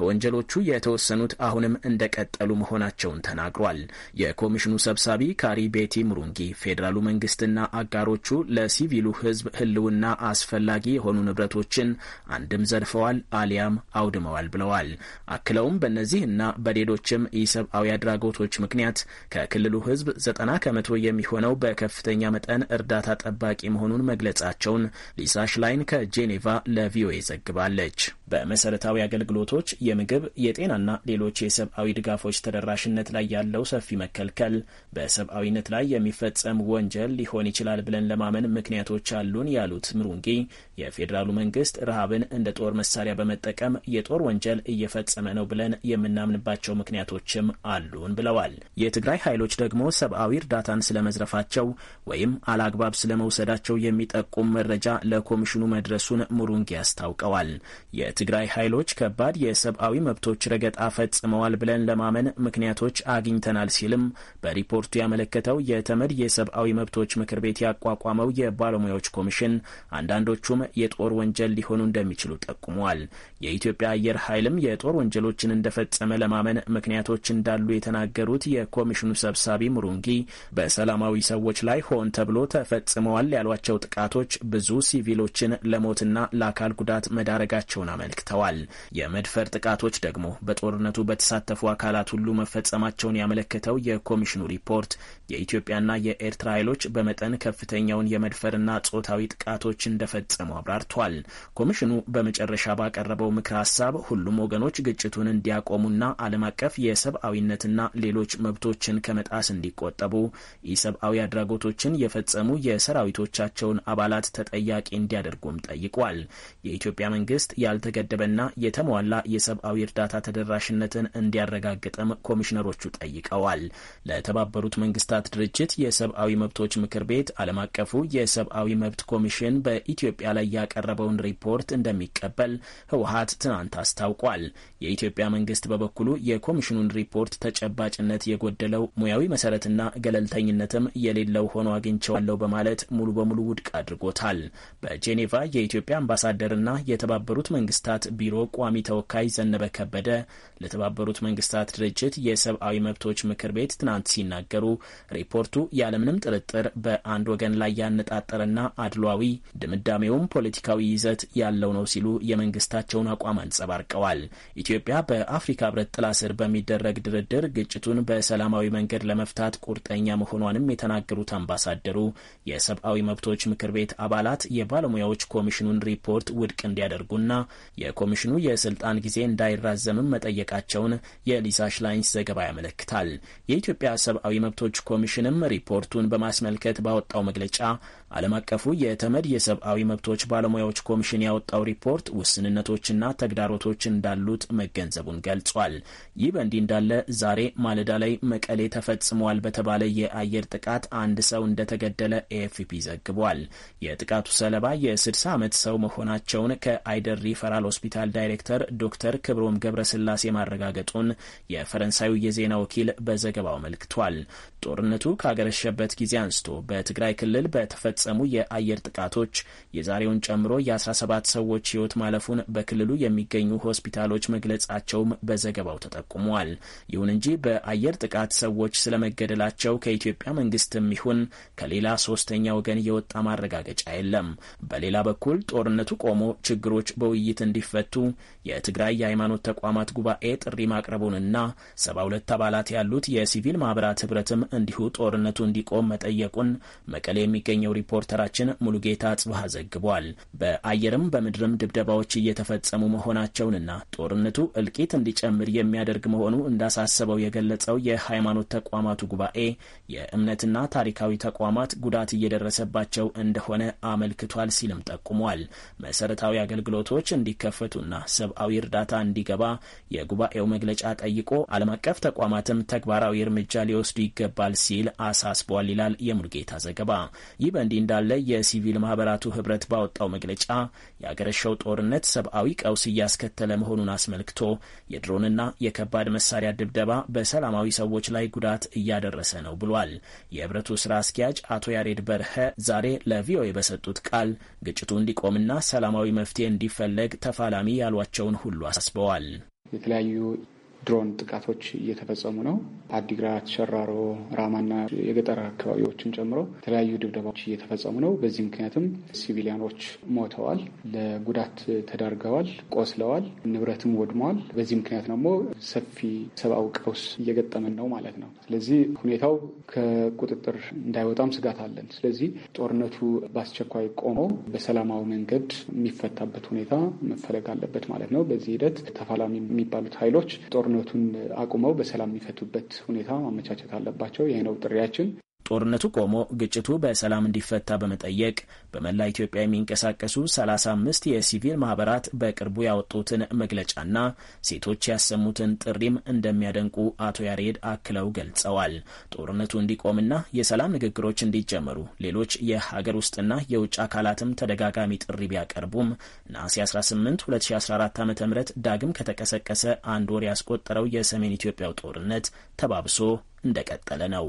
ከወንጀሎቹ የተወሰኑት አሁንም እንደቀጠሉ መሆናቸውን ተናግሯል። የኮሚሽኑ ሰብሳቢ ካሪ ቤቲ ሙሩንጊ ፌዴራሉ መንግስትና አጋሮቹ ለሲቪሉ ህዝብ ህልውና አስፈላጊ የሆኑ ንብረቶችን አንድም ዘርፈዋል አሊያም አውድመዋል ብለዋል። አክለውም በእነዚህና በሌሎችም ኢሰብአዊ አድራጎቶች ምክንያት ናት። ከክልሉ ህዝብ ዘጠና ከመቶ የሚሆነው በከፍተኛ መጠን እርዳታ ጠባቂ መሆኑን መግለጻቸውን ሊሳ ሽላይን ከጄኔቫ ለቪኦኤ ዘግባለች። በመሰረታዊ አገልግሎቶች የምግብ፣ የጤናና ሌሎች የሰብአዊ ድጋፎች ተደራሽነት ላይ ያለው ሰፊ መከልከል በሰብአዊነት ላይ የሚፈጸም ወንጀል ሊሆን ይችላል ብለን ለማመን ምክንያቶች አሉን ያሉት ምሩንጊ የፌዴራሉ መንግስት ረሃብን እንደ ጦር መሳሪያ በመጠቀም የጦር ወንጀል እየፈጸመ ነው ብለን የምናምንባቸው ምክንያቶችም አሉን ብለዋል። የትግራይ ኃይሎች ደግሞ ሰብአዊ እርዳታን ስለመዝረፋቸው ወይም አላግባብ ስለመውሰዳቸው የሚጠቁም መረጃ ለኮሚሽኑ መድረሱን ሙሩንጊ አስታውቀዋል። የትግራይ ኃይሎች ከባድ የሰብአዊ መብቶች ረገጣ ፈጽመዋል ብለን ለማመን ምክንያቶች አግኝተናል ሲልም በሪፖርቱ ያመለከተው የተመድ የሰብአዊ መብቶች ምክር ቤት ያቋቋመው የባለሙያዎች ኮሚሽን አንዳንዶቹም የጦር ወንጀል ሊሆኑ እንደሚችሉ ጠቁመዋል። የኢትዮጵያ አየር ኃይልም የጦር ወንጀሎችን እንደፈጸመ ለማመን ምክንያቶች እንዳሉ የተናገሩት የኮሚሽኑ ሰብሳቢ ሙሩንጊ በሰላማዊ ሰዎች ላይ ሆን ተብሎ ተፈጽመዋል ያሏቸው ጥቃቶች ብዙ ሲቪሎችን ለሞትና ለአካል ጉዳት መዳረጋቸውን አመ አመልክተዋል። የመድፈር ጥቃቶች ደግሞ በጦርነቱ በተሳተፉ አካላት ሁሉ መፈጸማቸውን ያመለከተው የኮሚሽኑ ሪፖርት የኢትዮጵያና የኤርትራ ኃይሎች በመጠን ከፍተኛውን የመድፈርና ጾታዊ ጥቃቶች እንደፈጸሙ አብራርቷል። ኮሚሽኑ በመጨረሻ ባቀረበው ምክረ ሀሳብ ሁሉም ወገኖች ግጭቱን እንዲያቆሙና ዓለም አቀፍ የሰብአዊነትና ሌሎች መብቶችን ከመጣስ እንዲቆጠቡ፣ ኢሰብአዊ አድራጎቶችን የፈጸሙ የሰራዊቶቻቸውን አባላት ተጠያቂ እንዲያደርጉም ጠይቋል። የኢትዮጵያ መንግስት ያልተገደበና የተሟላ የሰብአዊ እርዳታ ተደራሽነትን እንዲያረጋግጥም ኮሚሽነሮቹ ጠይቀዋል። ለተባበሩት መንግስታት መንግስታት ድርጅት የሰብአዊ መብቶች ምክር ቤት ዓለም አቀፉ የሰብአዊ መብት ኮሚሽን በኢትዮጵያ ላይ ያቀረበውን ሪፖርት እንደሚቀበል ህወሀት ትናንት አስታውቋል። የኢትዮጵያ መንግስት በበኩሉ የኮሚሽኑን ሪፖርት ተጨባጭነት የጎደለው ሙያዊ መሰረትና ገለልተኝነትም የሌለው ሆኖ አግኝቸዋለሁ በማለት ሙሉ በሙሉ ውድቅ አድርጎታል። በጄኔቫ የኢትዮጵያ አምባሳደርና የተባበሩት መንግስታት ቢሮ ቋሚ ተወካይ ዘነበ ከበደ ለተባበሩት መንግስታት ድርጅት የሰብአዊ መብቶች ምክር ቤት ትናንት ሲናገሩ ሪፖርቱ ያለምንም ጥርጥር በአንድ ወገን ላይ ያነጣጠረና አድሏዊ፣ ድምዳሜውም ፖለቲካዊ ይዘት ያለው ነው ሲሉ የመንግስታቸውን አቋም አንጸባርቀዋል። ኢትዮጵያ በአፍሪካ ህብረት ጥላ ስር በሚደረግ ድርድር ግጭቱን በሰላማዊ መንገድ ለመፍታት ቁርጠኛ መሆኗንም የተናገሩት አምባሳደሩ የሰብአዊ መብቶች ምክር ቤት አባላት የባለሙያዎች ኮሚሽኑን ሪፖርት ውድቅ እንዲያደርጉና የኮሚሽኑ የስልጣን ጊዜ እንዳይራዘምም መጠየቃቸውን የሊሳ ሽላይንስ ዘገባ ያመለክታል። የኢትዮጵያ ሰብአዊ መብቶች ኮሚሽንም ሪፖርቱን በማስመልከት ባወጣው መግለጫ ዓለም አቀፉ የተመድ የሰብአዊ መብቶች ባለሙያዎች ኮሚሽን ያወጣው ሪፖርት ውስንነቶችና ተግዳሮቶች እንዳሉት መገንዘቡን ገልጿል። ይህ በእንዲህ እንዳለ ዛሬ ማለዳ ላይ መቀሌ ተፈጽሟል በተባለ የአየር ጥቃት አንድ ሰው እንደተገደለ ኤኤፍፒ ዘግቧል። የጥቃቱ ሰለባ የ60 ዓመት ሰው መሆናቸውን ከአይደር ሪፈራል ሆስፒታል ዳይሬክተር ዶክተር ክብሮም ገብረስላሴ ማረጋገጡን የፈረንሳዩ የዜና ወኪል በዘገባው አመልክቷል። ጦርነቱ ካገረሸበት ጊዜ አንስቶ በትግራይ ክልል በተፈ በተፈጸሙ የአየር ጥቃቶች የዛሬውን ጨምሮ የ17 ሰዎች ህይወት ማለፉን በክልሉ የሚገኙ ሆስፒታሎች መግለጻቸውም በዘገባው ተጠቁመዋል። ይሁን እንጂ በአየር ጥቃት ሰዎች ስለመገደላቸው ከኢትዮጵያ መንግስትም ይሁን ከሌላ ሶስተኛ ወገን የወጣ ማረጋገጫ የለም። በሌላ በኩል ጦርነቱ ቆሞ ችግሮች በውይይት እንዲፈቱ የትግራይ የሃይማኖት ተቋማት ጉባኤ ጥሪ ማቅረቡንና ሰባ ሁለት አባላት ያሉት የሲቪል ማህበራት ህብረትም እንዲሁ ጦርነቱ እንዲቆም መጠየቁን መቀሌ የሚገኘው ሪፖርተራችን ሙሉጌታ ጽብሃ ዘግቧል። በአየርም በምድርም ድብደባዎች እየተፈጸሙ መሆናቸውንና ጦርነቱ እልቂት እንዲጨምር የሚያደርግ መሆኑ እንዳሳሰበው የገለጸው የሃይማኖት ተቋማቱ ጉባኤ የእምነትና ታሪካዊ ተቋማት ጉዳት እየደረሰባቸው እንደሆነ አመልክቷል ሲልም ጠቁሟል። መሰረታዊ አገልግሎቶች እንዲከፈቱና ሰብአዊ እርዳታ እንዲገባ የጉባኤው መግለጫ ጠይቆ ዓለም አቀፍ ተቋማትም ተግባራዊ እርምጃ ሊወስዱ ይገባል ሲል አሳስቧል ይላል የሙልጌታ ዘገባ። ይህ በእንዲህ በእንዲህ እንዳለ የሲቪል ማህበራቱ ህብረት ባወጣው መግለጫ የአገረሸው ጦርነት ሰብአዊ ቀውስ እያስከተለ መሆኑን አስመልክቶ የድሮንና የከባድ መሳሪያ ድብደባ በሰላማዊ ሰዎች ላይ ጉዳት እያደረሰ ነው ብሏል። የህብረቱ ስራ አስኪያጅ አቶ ያሬድ በርሀ ዛሬ ለቪኦኤ በሰጡት ቃል ግጭቱ እንዲቆምና ሰላማዊ መፍትሄ እንዲፈለግ ተፋላሚ ያሏቸውን ሁሉ አሳስበዋል። የተለያዩ ድሮን ጥቃቶች እየተፈጸሙ ነው። አዲግራት፣ ሸራሮ፣ ራማና የገጠር አካባቢዎችን ጨምሮ የተለያዩ ድብደባዎች እየተፈጸሙ ነው። በዚህ ምክንያትም ሲቪሊያኖች ሞተዋል፣ ለጉዳት ተዳርገዋል፣ ቆስለዋል፣ ንብረትም ወድመዋል። በዚህ ምክንያት ደግሞ ሰፊ ሰብአዊ ቀውስ እየገጠመን ነው ማለት ነው። ስለዚህ ሁኔታው ከቁጥጥር እንዳይወጣም ስጋት አለን። ስለዚህ ጦርነቱ በአስቸኳይ ቆሞ በሰላማዊ መንገድ የሚፈታበት ሁኔታ መፈለግ አለበት ማለት ነው። በዚህ ሂደት ተፋላሚ የሚባሉት ኃይሎች ጦርነ ግንኙነቱን አቁመው በሰላም የሚፈቱበት ሁኔታ ማመቻቸት አለባቸው። ይሄ ነው ጥሪያችን። ጦርነቱ ቆሞ ግጭቱ በሰላም እንዲፈታ በመጠየቅ በመላ ኢትዮጵያ የሚንቀሳቀሱ 35 የሲቪል ማህበራት በቅርቡ ያወጡትን መግለጫና ሴቶች ያሰሙትን ጥሪም እንደሚያደንቁ አቶ ያሬድ አክለው ገልጸዋል። ጦርነቱ እንዲቆምና የሰላም ንግግሮች እንዲጀመሩ ሌሎች የሀገር ውስጥና የውጭ አካላትም ተደጋጋሚ ጥሪ ቢያቀርቡም ነሐሴ 18 2014 ዓ ም ዳግም ከተቀሰቀሰ አንድ ወር ያስቆጠረው የሰሜን ኢትዮጵያው ጦርነት ተባብሶ እንደቀጠለ ነው።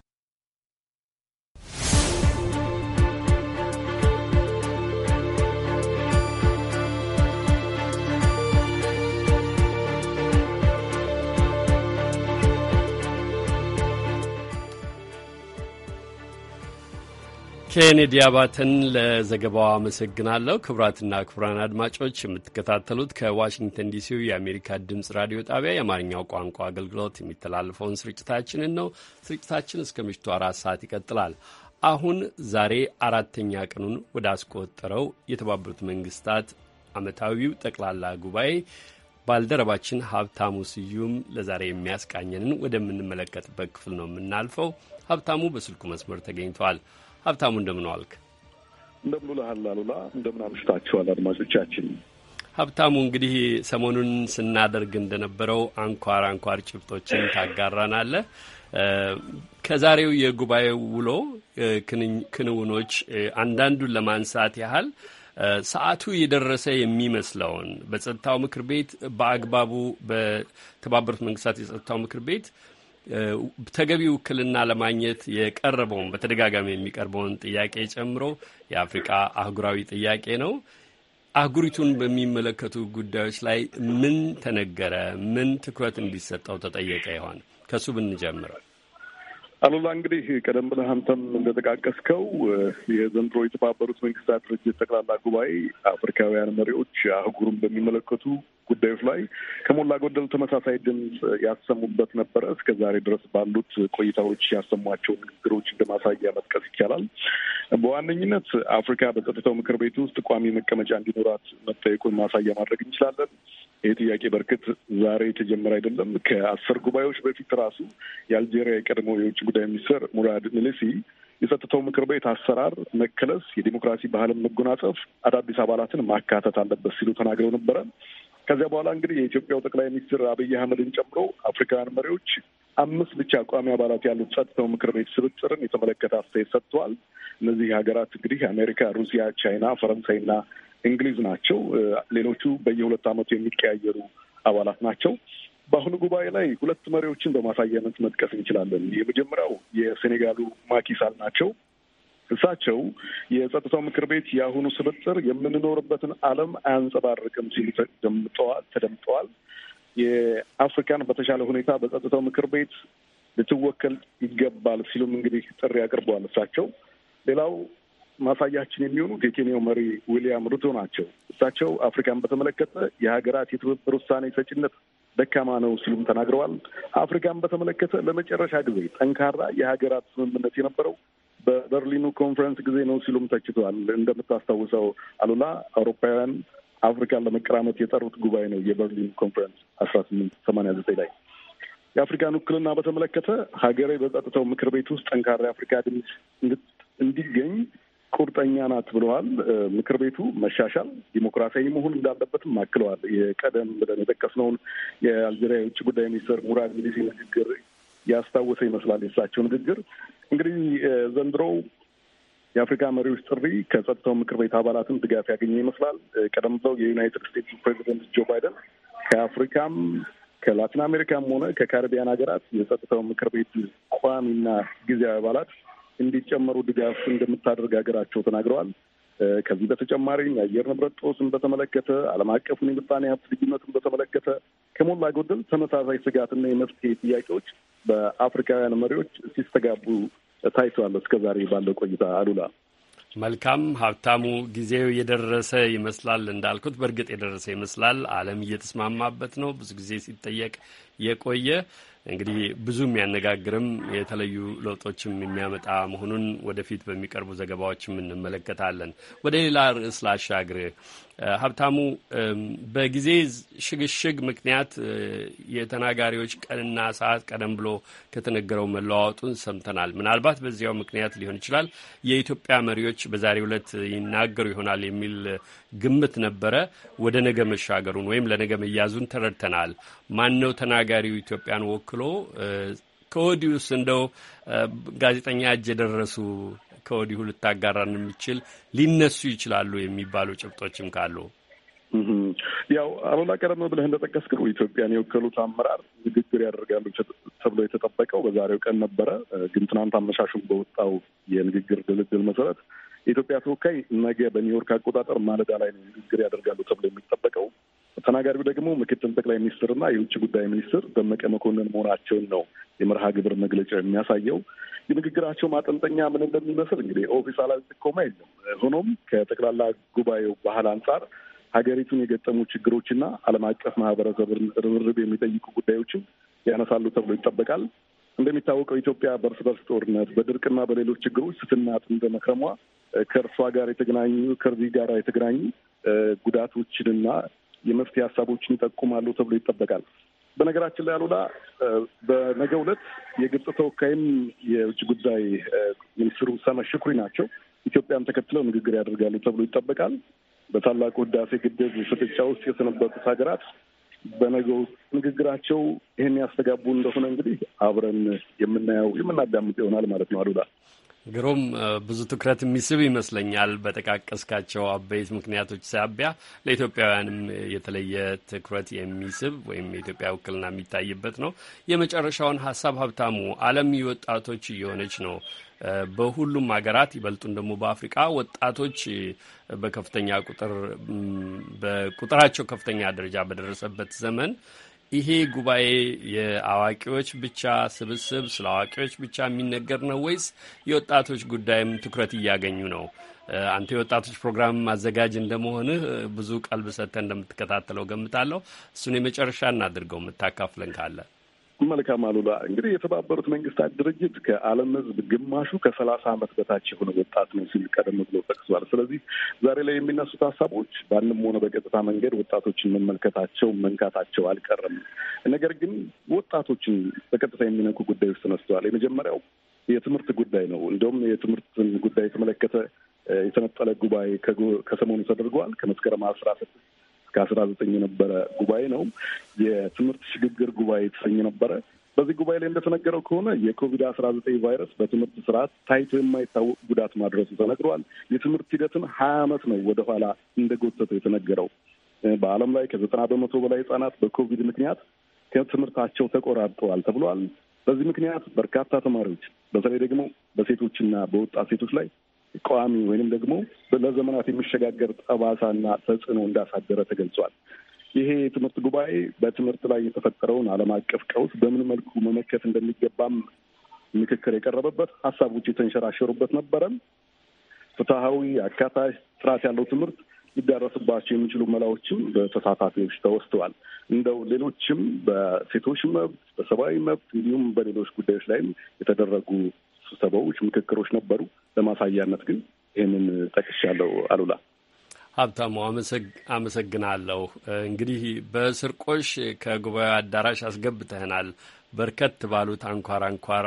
ኬኔዲ አባተን ለዘገባው አመሰግናለሁ። ክቡራትና ክቡራን አድማጮች የምትከታተሉት ከዋሽንግተን ዲሲው የአሜሪካ ድምፅ ራዲዮ ጣቢያ የአማርኛው ቋንቋ አገልግሎት የሚተላለፈውን ስርጭታችንን ነው። ስርጭታችን እስከ ምሽቱ አራት ሰዓት ይቀጥላል። አሁን ዛሬ አራተኛ ቀኑን ወደ አስቆጠረው የተባበሩት መንግስታት ዓመታዊው ጠቅላላ ጉባኤ ባልደረባችን ሀብታሙ ስዩም ለዛሬ የሚያስቃኘንን ወደምንመለከትበት ክፍል ነው የምናልፈው። ሀብታሙ በስልኩ መስመር ተገኝተዋል። ሀብታሙ እንደምን ዋልክ? እንደምን ውለሃል አሉላ። እንደምን አምሽታችኋል አድማጮቻችን። ሀብታሙ እንግዲህ ሰሞኑን ስናደርግ እንደነበረው አንኳር አንኳር ጭብጦችን ታጋራናለህ። ከዛሬው የጉባኤው ውሎ ክንውኖች አንዳንዱን ለማንሳት ያህል ሰዓቱ የደረሰ የሚመስለውን በጸጥታው ምክር ቤት በአግባቡ በተባበሩት መንግስታት የጸጥታው ምክር ቤት ተገቢ ውክልና ለማግኘት የቀረበውን በተደጋጋሚ የሚቀርበውን ጥያቄ ጨምሮ የአፍሪቃ አህጉራዊ ጥያቄ ነው። አህጉሪቱን በሚመለከቱ ጉዳዮች ላይ ምን ተነገረ? ምን ትኩረት እንዲሰጠው ተጠየቀ ይሆን? ከሱ ብንጀምረው አሉላ እንግዲህ ቀደም ብለህ አንተም እንደጠቃቀስከው የዘንድሮ የተባበሩት መንግስታት ድርጅት ጠቅላላ ጉባኤ አፍሪካውያን መሪዎች አህጉሩን በሚመለከቱ ጉዳዮች ላይ ከሞላ ጎደል ተመሳሳይ ድምፅ ያሰሙበት ነበረ። እስከ ዛሬ ድረስ ባሉት ቆይታዎች ያሰሟቸው ንግግሮች እንደማሳያ መጥቀስ ይቻላል። በዋነኝነት አፍሪካ በጸጥታው ምክር ቤት ውስጥ ቋሚ መቀመጫ እንዲኖራት መጠየቁን ማሳያ ማድረግ እንችላለን። ይህ ጥያቄ በእርግጥ ዛሬ የተጀመረ አይደለም። ከአስር ጉባኤዎች በፊት ራሱ የአልጄሪያ የቀድሞ የውጭ ጉዳይ ሚኒስትር ሙራድ ሚሊሲ የጸጥታው ምክር ቤት አሰራር መከለስ፣ የዲሞክራሲ ባህልን መጎናጸፍ፣ አዳዲስ አባላትን ማካተት አለበት ሲሉ ተናግረው ነበረ። ከዚያ በኋላ እንግዲህ የኢትዮጵያው ጠቅላይ ሚኒስትር አብይ አህመድን ጨምሮ አፍሪካውያን መሪዎች አምስት ብቻ ቋሚ አባላት ያሉት ጸጥታው ምክር ቤት ስብጥርን የተመለከተ አስተያየት ሰጥተዋል። እነዚህ ሀገራት እንግዲህ አሜሪካ፣ ሩሲያ፣ ቻይና፣ ፈረንሳይና እንግሊዝ ናቸው። ሌሎቹ በየሁለት ዓመቱ የሚቀያየሩ አባላት ናቸው። በአሁኑ ጉባኤ ላይ ሁለት መሪዎችን በማሳያነት መጥቀስ እንችላለን። የመጀመሪያው የሴኔጋሉ ማኪሳል ናቸው። እሳቸው የጸጥታው ምክር ቤት የአሁኑ ስብጥር የምንኖርበትን ዓለም አያንጸባርቅም ሲሉ ተደምጠዋል። የአፍሪካን በተሻለ ሁኔታ በጸጥታው ምክር ቤት ልትወከል ይገባል ሲሉም እንግዲህ ጥሪ አቅርበዋል። እሳቸው ሌላው ማሳያችን የሚሆኑት የኬንያው መሪ ዊሊያም ሩቶ ናቸው። እሳቸው አፍሪካን በተመለከተ የሀገራት የትብብር ውሳኔ ሰጭነት ደካማ ነው ሲሉም ተናግረዋል። አፍሪካን በተመለከተ ለመጨረሻ ጊዜ ጠንካራ የሀገራት ስምምነት የነበረው በበርሊኑ ኮንፈረንስ ጊዜ ነው ሲሉም ተችተዋል። እንደምታስታውሰው አሉላ አውሮፓውያን አፍሪካን ለመቀራመት የጠሩት ጉባኤ ነው የበርሊኑ ኮንፈረንስ አስራ ስምንት ሰማንያ ዘጠኝ ላይ የአፍሪካን ውክልና በተመለከተ ሀገሬ በጸጥታው ምክር ቤት ውስጥ ጠንካራ የአፍሪካ ድምፅ እንዲገኝ ቁርጠኛ ናት ብለዋል። ምክር ቤቱ መሻሻል ዲሞክራሲያዊ መሆን እንዳለበትም አክለዋል። የቀደም ብለን የጠቀስነውን የአልጄሪያ የውጭ ጉዳይ ሚኒስትር ሙራድ ሚሊሲ ንግግር ያስታወሰ ይመስላል። የእሳቸው ንግግር እንግዲህ ዘንድሮው የአፍሪካ መሪዎች ጥሪ ከጸጥታው ምክር ቤት አባላትም ድጋፍ ያገኘ ይመስላል። ቀደም ብለው የዩናይትድ ስቴትስ ፕሬዚደንት ጆ ባይደን ከአፍሪካም ከላቲን አሜሪካም ሆነ ከካሪቢያን ሀገራት የጸጥታው ምክር ቤት ቋሚና ጊዜያዊ አባላት እንዲጨመሩ ድጋፍ እንደምታደርግ ሀገራቸው ተናግረዋል። ከዚህ በተጨማሪም የአየር ንብረት ጦስን በተመለከተ ዓለም አቀፉን የምጣኔ ሀብት ልዩነትን በተመለከተ ከሞላ ጎደል ተመሳሳይ ስጋትና የመፍትሄ ጥያቄዎች በአፍሪካውያን መሪዎች ሲስተጋቡ ታይተዋል። እስከዛሬ ባለው ቆይታ አሉላ መልካም ሀብታሙ፣ ጊዜው የደረሰ ይመስላል። እንዳልኩት በእርግጥ የደረሰ ይመስላል። ዓለም እየተስማማበት ነው። ብዙ ጊዜ ሲጠየቅ የቆየ እንግዲህ ብዙ የሚያነጋግርም የተለዩ ለውጦችም የሚያመጣ መሆኑን ወደፊት በሚቀርቡ ዘገባዎችም እንመለከታለን። ወደ ሌላ ርዕስ ላሻግር። ሀብታሙ በጊዜ ሽግሽግ ምክንያት የተናጋሪዎች ቀንና ሰዓት ቀደም ብሎ ከተነገረው መለዋወጡን ሰምተናል። ምናልባት በዚያው ምክንያት ሊሆን ይችላል የኢትዮጵያ መሪዎች በዛሬው ዕለት ይናገሩ ይሆናል የሚል ግምት ነበረ። ወደ ነገ መሻገሩን ወይም ለነገ መያዙን ተረድተናል። ማን ነው ተናጋሪው ኢትዮጵያን ወክሎ? ከወዲሁስ እንደው ጋዜጠኛ እጅ የደረሱ ከወዲሁ ልታጋራን የሚችል ሊነሱ ይችላሉ የሚባሉ ጭብጦችም ካሉ ያው አሉላ ቀደም ብለህ እንደጠቀስከው ኢትዮጵያን የወከሉት አመራር ንግግር ያደርጋሉ ተብሎ የተጠበቀው በዛሬው ቀን ነበረ። ግን ትናንት አመሻሹን በወጣው የንግግር ድልድል መሰረት የኢትዮጵያ ተወካይ ነገ በኒውዮርክ አቆጣጠር ማለዳ ላይ ነው ንግግር ያደርጋሉ ተብሎ የሚጠበቀው። ተናጋሪው ደግሞ ምክትል ጠቅላይ ሚኒስትርና የውጭ ጉዳይ ሚኒስትር ደመቀ መኮንን መሆናቸውን ነው የመርሃ ግብር መግለጫ የሚያሳየው። የንግግራቸው ማጠንጠኛ ምን እንደሚመስል እንግዲህ ኦፊሳላዊ ጥቆማ የለም። ሆኖም ከጠቅላላ ጉባኤው ባህል አንጻር ሀገሪቱን የገጠሙ ችግሮችና ዓለም አቀፍ ማህበረሰብ ርብርብ የሚጠይቁ ጉዳዮችን ያነሳሉ ተብሎ ይጠበቃል። እንደሚታወቀው ኢትዮጵያ በእርስ በርስ ጦርነት በድርቅና በሌሎች ችግሮች ስትናጥም በመክረሟ ከእርሷ ጋር የተገናኙ ከዚህ ጋር የተገናኙ ጉዳቶችንና የመፍትሄ ሀሳቦችን ይጠቁማሉ ተብሎ ይጠበቃል። በነገራችን ላይ አሉላ በነገ ዕለት የግብፅ ተወካይም የውጭ ጉዳይ ሚኒስትሩ ሰመ ሽኩሪ ናቸው። ኢትዮጵያን ተከትለው ንግግር ያደርጋሉ ተብሎ ይጠበቃል። በታላቁ ህዳሴ ግድብ ፍጥጫ ውስጥ የሰነበቱት ሀገራት በነገው ንግግራቸው ይህን ያስተጋቡ እንደሆነ እንግዲህ አብረን የምናየው የምናዳምጥ ይሆናል ማለት ነው። አሉላ ግሩም፣ ብዙ ትኩረት የሚስብ ይመስለኛል። በጠቃቀስካቸው አበይት ምክንያቶች ሳቢያ ለኢትዮጵያውያንም የተለየ ትኩረት የሚስብ ወይም የኢትዮጵያ ውክልና የሚታይበት ነው። የመጨረሻውን ሀሳብ ሀብታሙ አለም ወጣቶች እየሆነች ነው በሁሉም ሀገራት ይበልጡን ደግሞ በአፍሪቃ ወጣቶች በከፍተኛ ቁጥር በቁጥራቸው ከፍተኛ ደረጃ በደረሰበት ዘመን ይሄ ጉባኤ የአዋቂዎች ብቻ ስብስብ ስለ አዋቂዎች ብቻ የሚነገር ነው ወይስ የወጣቶች ጉዳይም ትኩረት እያገኙ ነው? አንተ የወጣቶች ፕሮግራም አዘጋጅ እንደመሆንህ ብዙ ቀልብ ሰጥተህ እንደምትከታተለው ገምታለሁ። እሱን የመጨረሻ እናድርገው የምታካፍለን ካለ መልካም አሉላ። እንግዲህ የተባበሩት መንግስታት ድርጅት ከዓለም ሕዝብ ግማሹ ከሰላሳ ዓመት በታች የሆነ ወጣት ነው ሲል ቀደም ብሎ ጠቅሷል። ስለዚህ ዛሬ ላይ የሚነሱት ሀሳቦች በአንም ሆነ በቀጥታ መንገድ ወጣቶችን መመልከታቸው መንካታቸው አልቀረም። ነገር ግን ወጣቶችን በቀጥታ የሚነኩ ጉዳዮች ተነስተዋል። የመጀመሪያው የትምህርት ጉዳይ ነው። እንዲሁም የትምህርትን ጉዳይ የተመለከተ የተነጠለ ጉባኤ ከሰሞኑ ተደርገዋል። ከመስከረም አስራ ስድስት ከ አስራ ዘጠኝ የነበረ ጉባኤ ነው። የትምህርት ሽግግር ጉባኤ የተሰኘ ነበረ። በዚህ ጉባኤ ላይ እንደተነገረው ከሆነ የኮቪድ አስራ ዘጠኝ ቫይረስ በትምህርት ስርዓት ታይቶ የማይታወቅ ጉዳት ማድረሱ ተነግሯል። የትምህርት ሂደትን ሀያ ዓመት ነው ወደኋላ እንደጎተተው የተነገረው። በዓለም ላይ ከዘጠና በመቶ በላይ ህጻናት በኮቪድ ምክንያት ከትምህርታቸው ተቆራርጠዋል ተብሏል። በዚህ ምክንያት በርካታ ተማሪዎች በተለይ ደግሞ በሴቶችና በወጣት ሴቶች ላይ ቋሚ ወይንም ደግሞ ለዘመናት የሚሸጋገር ጠባሳና ተጽዕኖ እንዳሳደረ ተገልጿል። ይሄ የትምህርት ጉባኤ በትምህርት ላይ የተፈጠረውን ዓለም አቀፍ ቀውስ በምን መልኩ መመከት እንደሚገባም ምክክር የቀረበበት ሀሳቦች የተንሸራሸሩበት ነበረም። ፍትሐዊ፣ አካታች፣ ጥራት ያለው ትምህርት ሊዳረስባቸው የሚችሉ መላዎችም በተሳታፊዎች ተወስተዋል። እንደው ሌሎችም በሴቶች መብት፣ በሰብአዊ መብት እንዲሁም በሌሎች ጉዳዮች ላይም የተደረጉ ስብሰባዎች፣ ምክክሮች ነበሩ። ለማሳያነት ግን ይህንን ጠቅሻለሁ። አሉላ ሀብታሙ አመሰግናለሁ። እንግዲህ በስርቆሽ ከጉባኤው አዳራሽ አስገብተህናል። በርከት ባሉት አንኳር አንኳር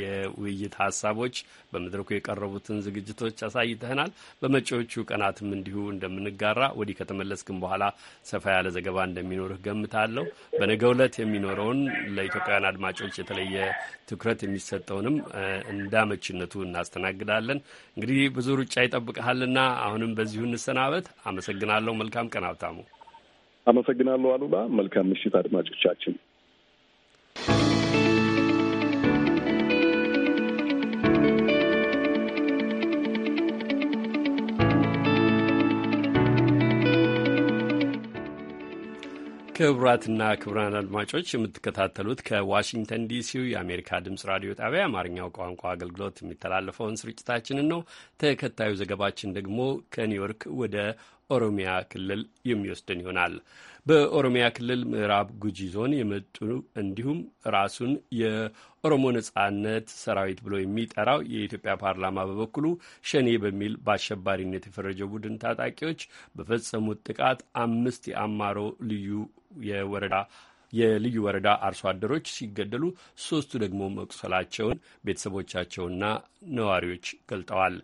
የውይይት ሀሳቦች በመድረኩ የቀረቡትን ዝግጅቶች አሳይተህናል። በመጪዎቹ ቀናትም እንዲሁ እንደምንጋራ ወዲህ ከተመለስክም በኋላ ሰፋ ያለ ዘገባ እንደሚኖርህ ገምታለሁ። በነገ ዕለት የሚኖረውን ለኢትዮጵያውያን አድማጮች የተለየ ትኩረት የሚሰጠውንም እንዳመችነቱ እናስተናግዳለን። እንግዲህ ብዙ ሩጫ ይጠብቀሃልና አሁንም በዚሁ እንሰናበት። አመሰግናለሁ። መልካም ቀን አብታሙ አመሰግናለሁ አሉላ። መልካም ምሽት አድማጮቻችን። ክቡራትና ክቡራን አድማጮች የምትከታተሉት ከዋሽንግተን ዲሲው የአሜሪካ ድምጽ ራዲዮ ጣቢያ አማርኛው ቋንቋ አገልግሎት የሚተላለፈውን ስርጭታችንን ነው። ተከታዩ ዘገባችን ደግሞ ከኒውዮርክ ወደ ኦሮሚያ ክልል የሚወስድን ይሆናል። በኦሮሚያ ክልል ምዕራብ ጉጂ ዞን የመጡ እንዲሁም ራሱን የኦሮሞ ነጻነት ሰራዊት ብሎ የሚጠራው የኢትዮጵያ ፓርላማ በበኩሉ ሸኔ በሚል በአሸባሪነት የፈረጀው ቡድን ታጣቂዎች በፈጸሙት ጥቃት አምስት የአማሮ ልዩ የወረዳ የልዩ ወረዳ አርሶ አደሮች ሲገደሉ ሶስቱ ደግሞ መቁሰላቸውን ቤተሰቦቻቸውና ነዋሪዎች ገልጠዋል።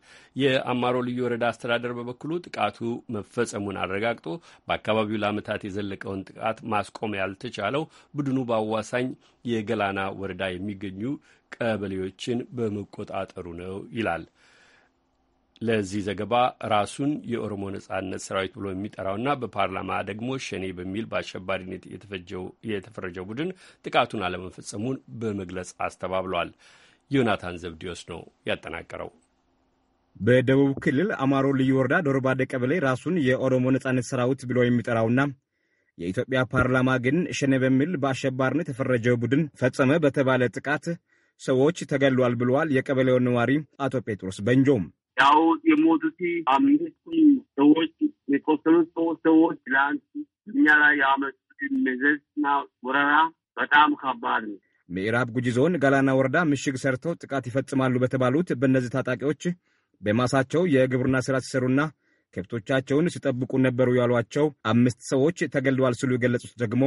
የአማሮ ልዩ ወረዳ አስተዳደር በበኩሉ ጥቃቱ መፈጸሙን አረጋግጦ በአካባቢው ለዓመታት የዘለቀውን ጥቃት ማስቆም ያልተቻለው ቡድኑ በአዋሳኝ የገላና ወረዳ የሚገኙ ቀበሌዎችን በመቆጣጠሩ ነው ይላል። ለዚህ ዘገባ ራሱን የኦሮሞ ነጻነት ሰራዊት ብሎ የሚጠራውና በፓርላማ ደግሞ ሸኔ በሚል በአሸባሪነት የተፈረጀው ቡድን ጥቃቱን አለመፈጸሙን በመግለጽ አስተባብሏል። ዮናታን ዘብዲዮስ ነው ያጠናቀረው። በደቡብ ክልል አማሮ ልዩ ወረዳ ዶርባደ ቀበሌ ራሱን የኦሮሞ ነጻነት ሰራዊት ብሎ የሚጠራውና የኢትዮጵያ ፓርላማ ግን ሸኔ በሚል በአሸባሪነት የተፈረጀው ቡድን ፈጸመ በተባለ ጥቃት ሰዎች ተገሏል ብለዋል የቀበሌው ነዋሪ አቶ ጴጥሮስ በንጆም ያው የሞቱት አምስቱ ሰዎች የቆሰሉ ሶስት ሰዎች ትላንት እኛ ላይ ያመጡት መዘዝና ወረራ በጣም ከባድ ነው። ምዕራብ ጉጂ ዞን ጋላና ወረዳ ምሽግ ሰርተው ጥቃት ይፈጽማሉ በተባሉት በእነዚህ ታጣቂዎች በማሳቸው የግብርና ስራ ሲሰሩና ከብቶቻቸውን ሲጠብቁ ነበሩ ያሏቸው አምስት ሰዎች ተገልደዋል ሲሉ የገለጹት ደግሞ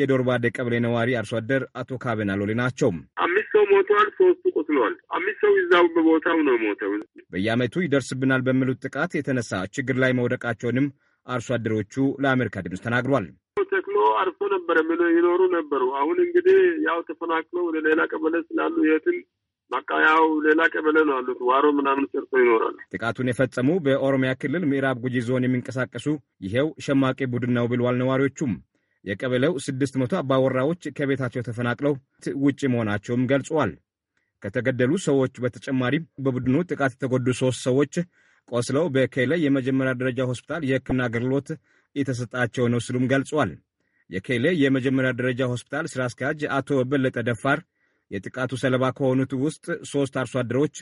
የዶርባዴ ቀበሌ ነዋሪ አርሶ አደር አቶ ካቤን አሎሌ ናቸው። አምስት ሰው ሞተዋል፣ ሶስቱ ቆስለዋል። አምስት ሰው እዛው በቦታው ነው ሞተው። በየአመቱ ይደርስብናል በሚሉት ጥቃት የተነሳ ችግር ላይ መውደቃቸውንም አርሶ አደሮቹ ለአሜሪካ ድምፅ ተናግሯል። ተክሎ አርሶ ነበረ ምን ይኖሩ ነበሩ። አሁን እንግዲህ ያው ተፈናቅሎ ወደ ሌላ ቀበሌ ስላሉ የትን በቃ ያው ሌላ ቀበሌ ነው አሉት። ዋሮ ምናምን ሰርቶ ይኖራል። ጥቃቱን የፈጸሙ በኦሮሚያ ክልል ምዕራብ ጉጂ ዞን የሚንቀሳቀሱ ይሄው ሸማቂ ቡድን ነው ብለዋል ነዋሪዎቹም። የቀበሌው ስድስት መቶ አባወራዎች ከቤታቸው ተፈናቅለው ውጭ መሆናቸውም ገልጸዋል። ከተገደሉ ሰዎች በተጨማሪ በቡድኑ ጥቃት የተጎዱ ሶስት ሰዎች ቆስለው በኬለ የመጀመሪያ ደረጃ ሆስፒታል የሕክምና አገልግሎት የተሰጣቸው ነው ሲሉም ገልጿል። የኬለ የመጀመሪያ ደረጃ ሆስፒታል ስራ አስኪያጅ አቶ በለጠ ደፋር የጥቃቱ ሰለባ ከሆኑት ውስጥ ሦስት አርሶ አደሮች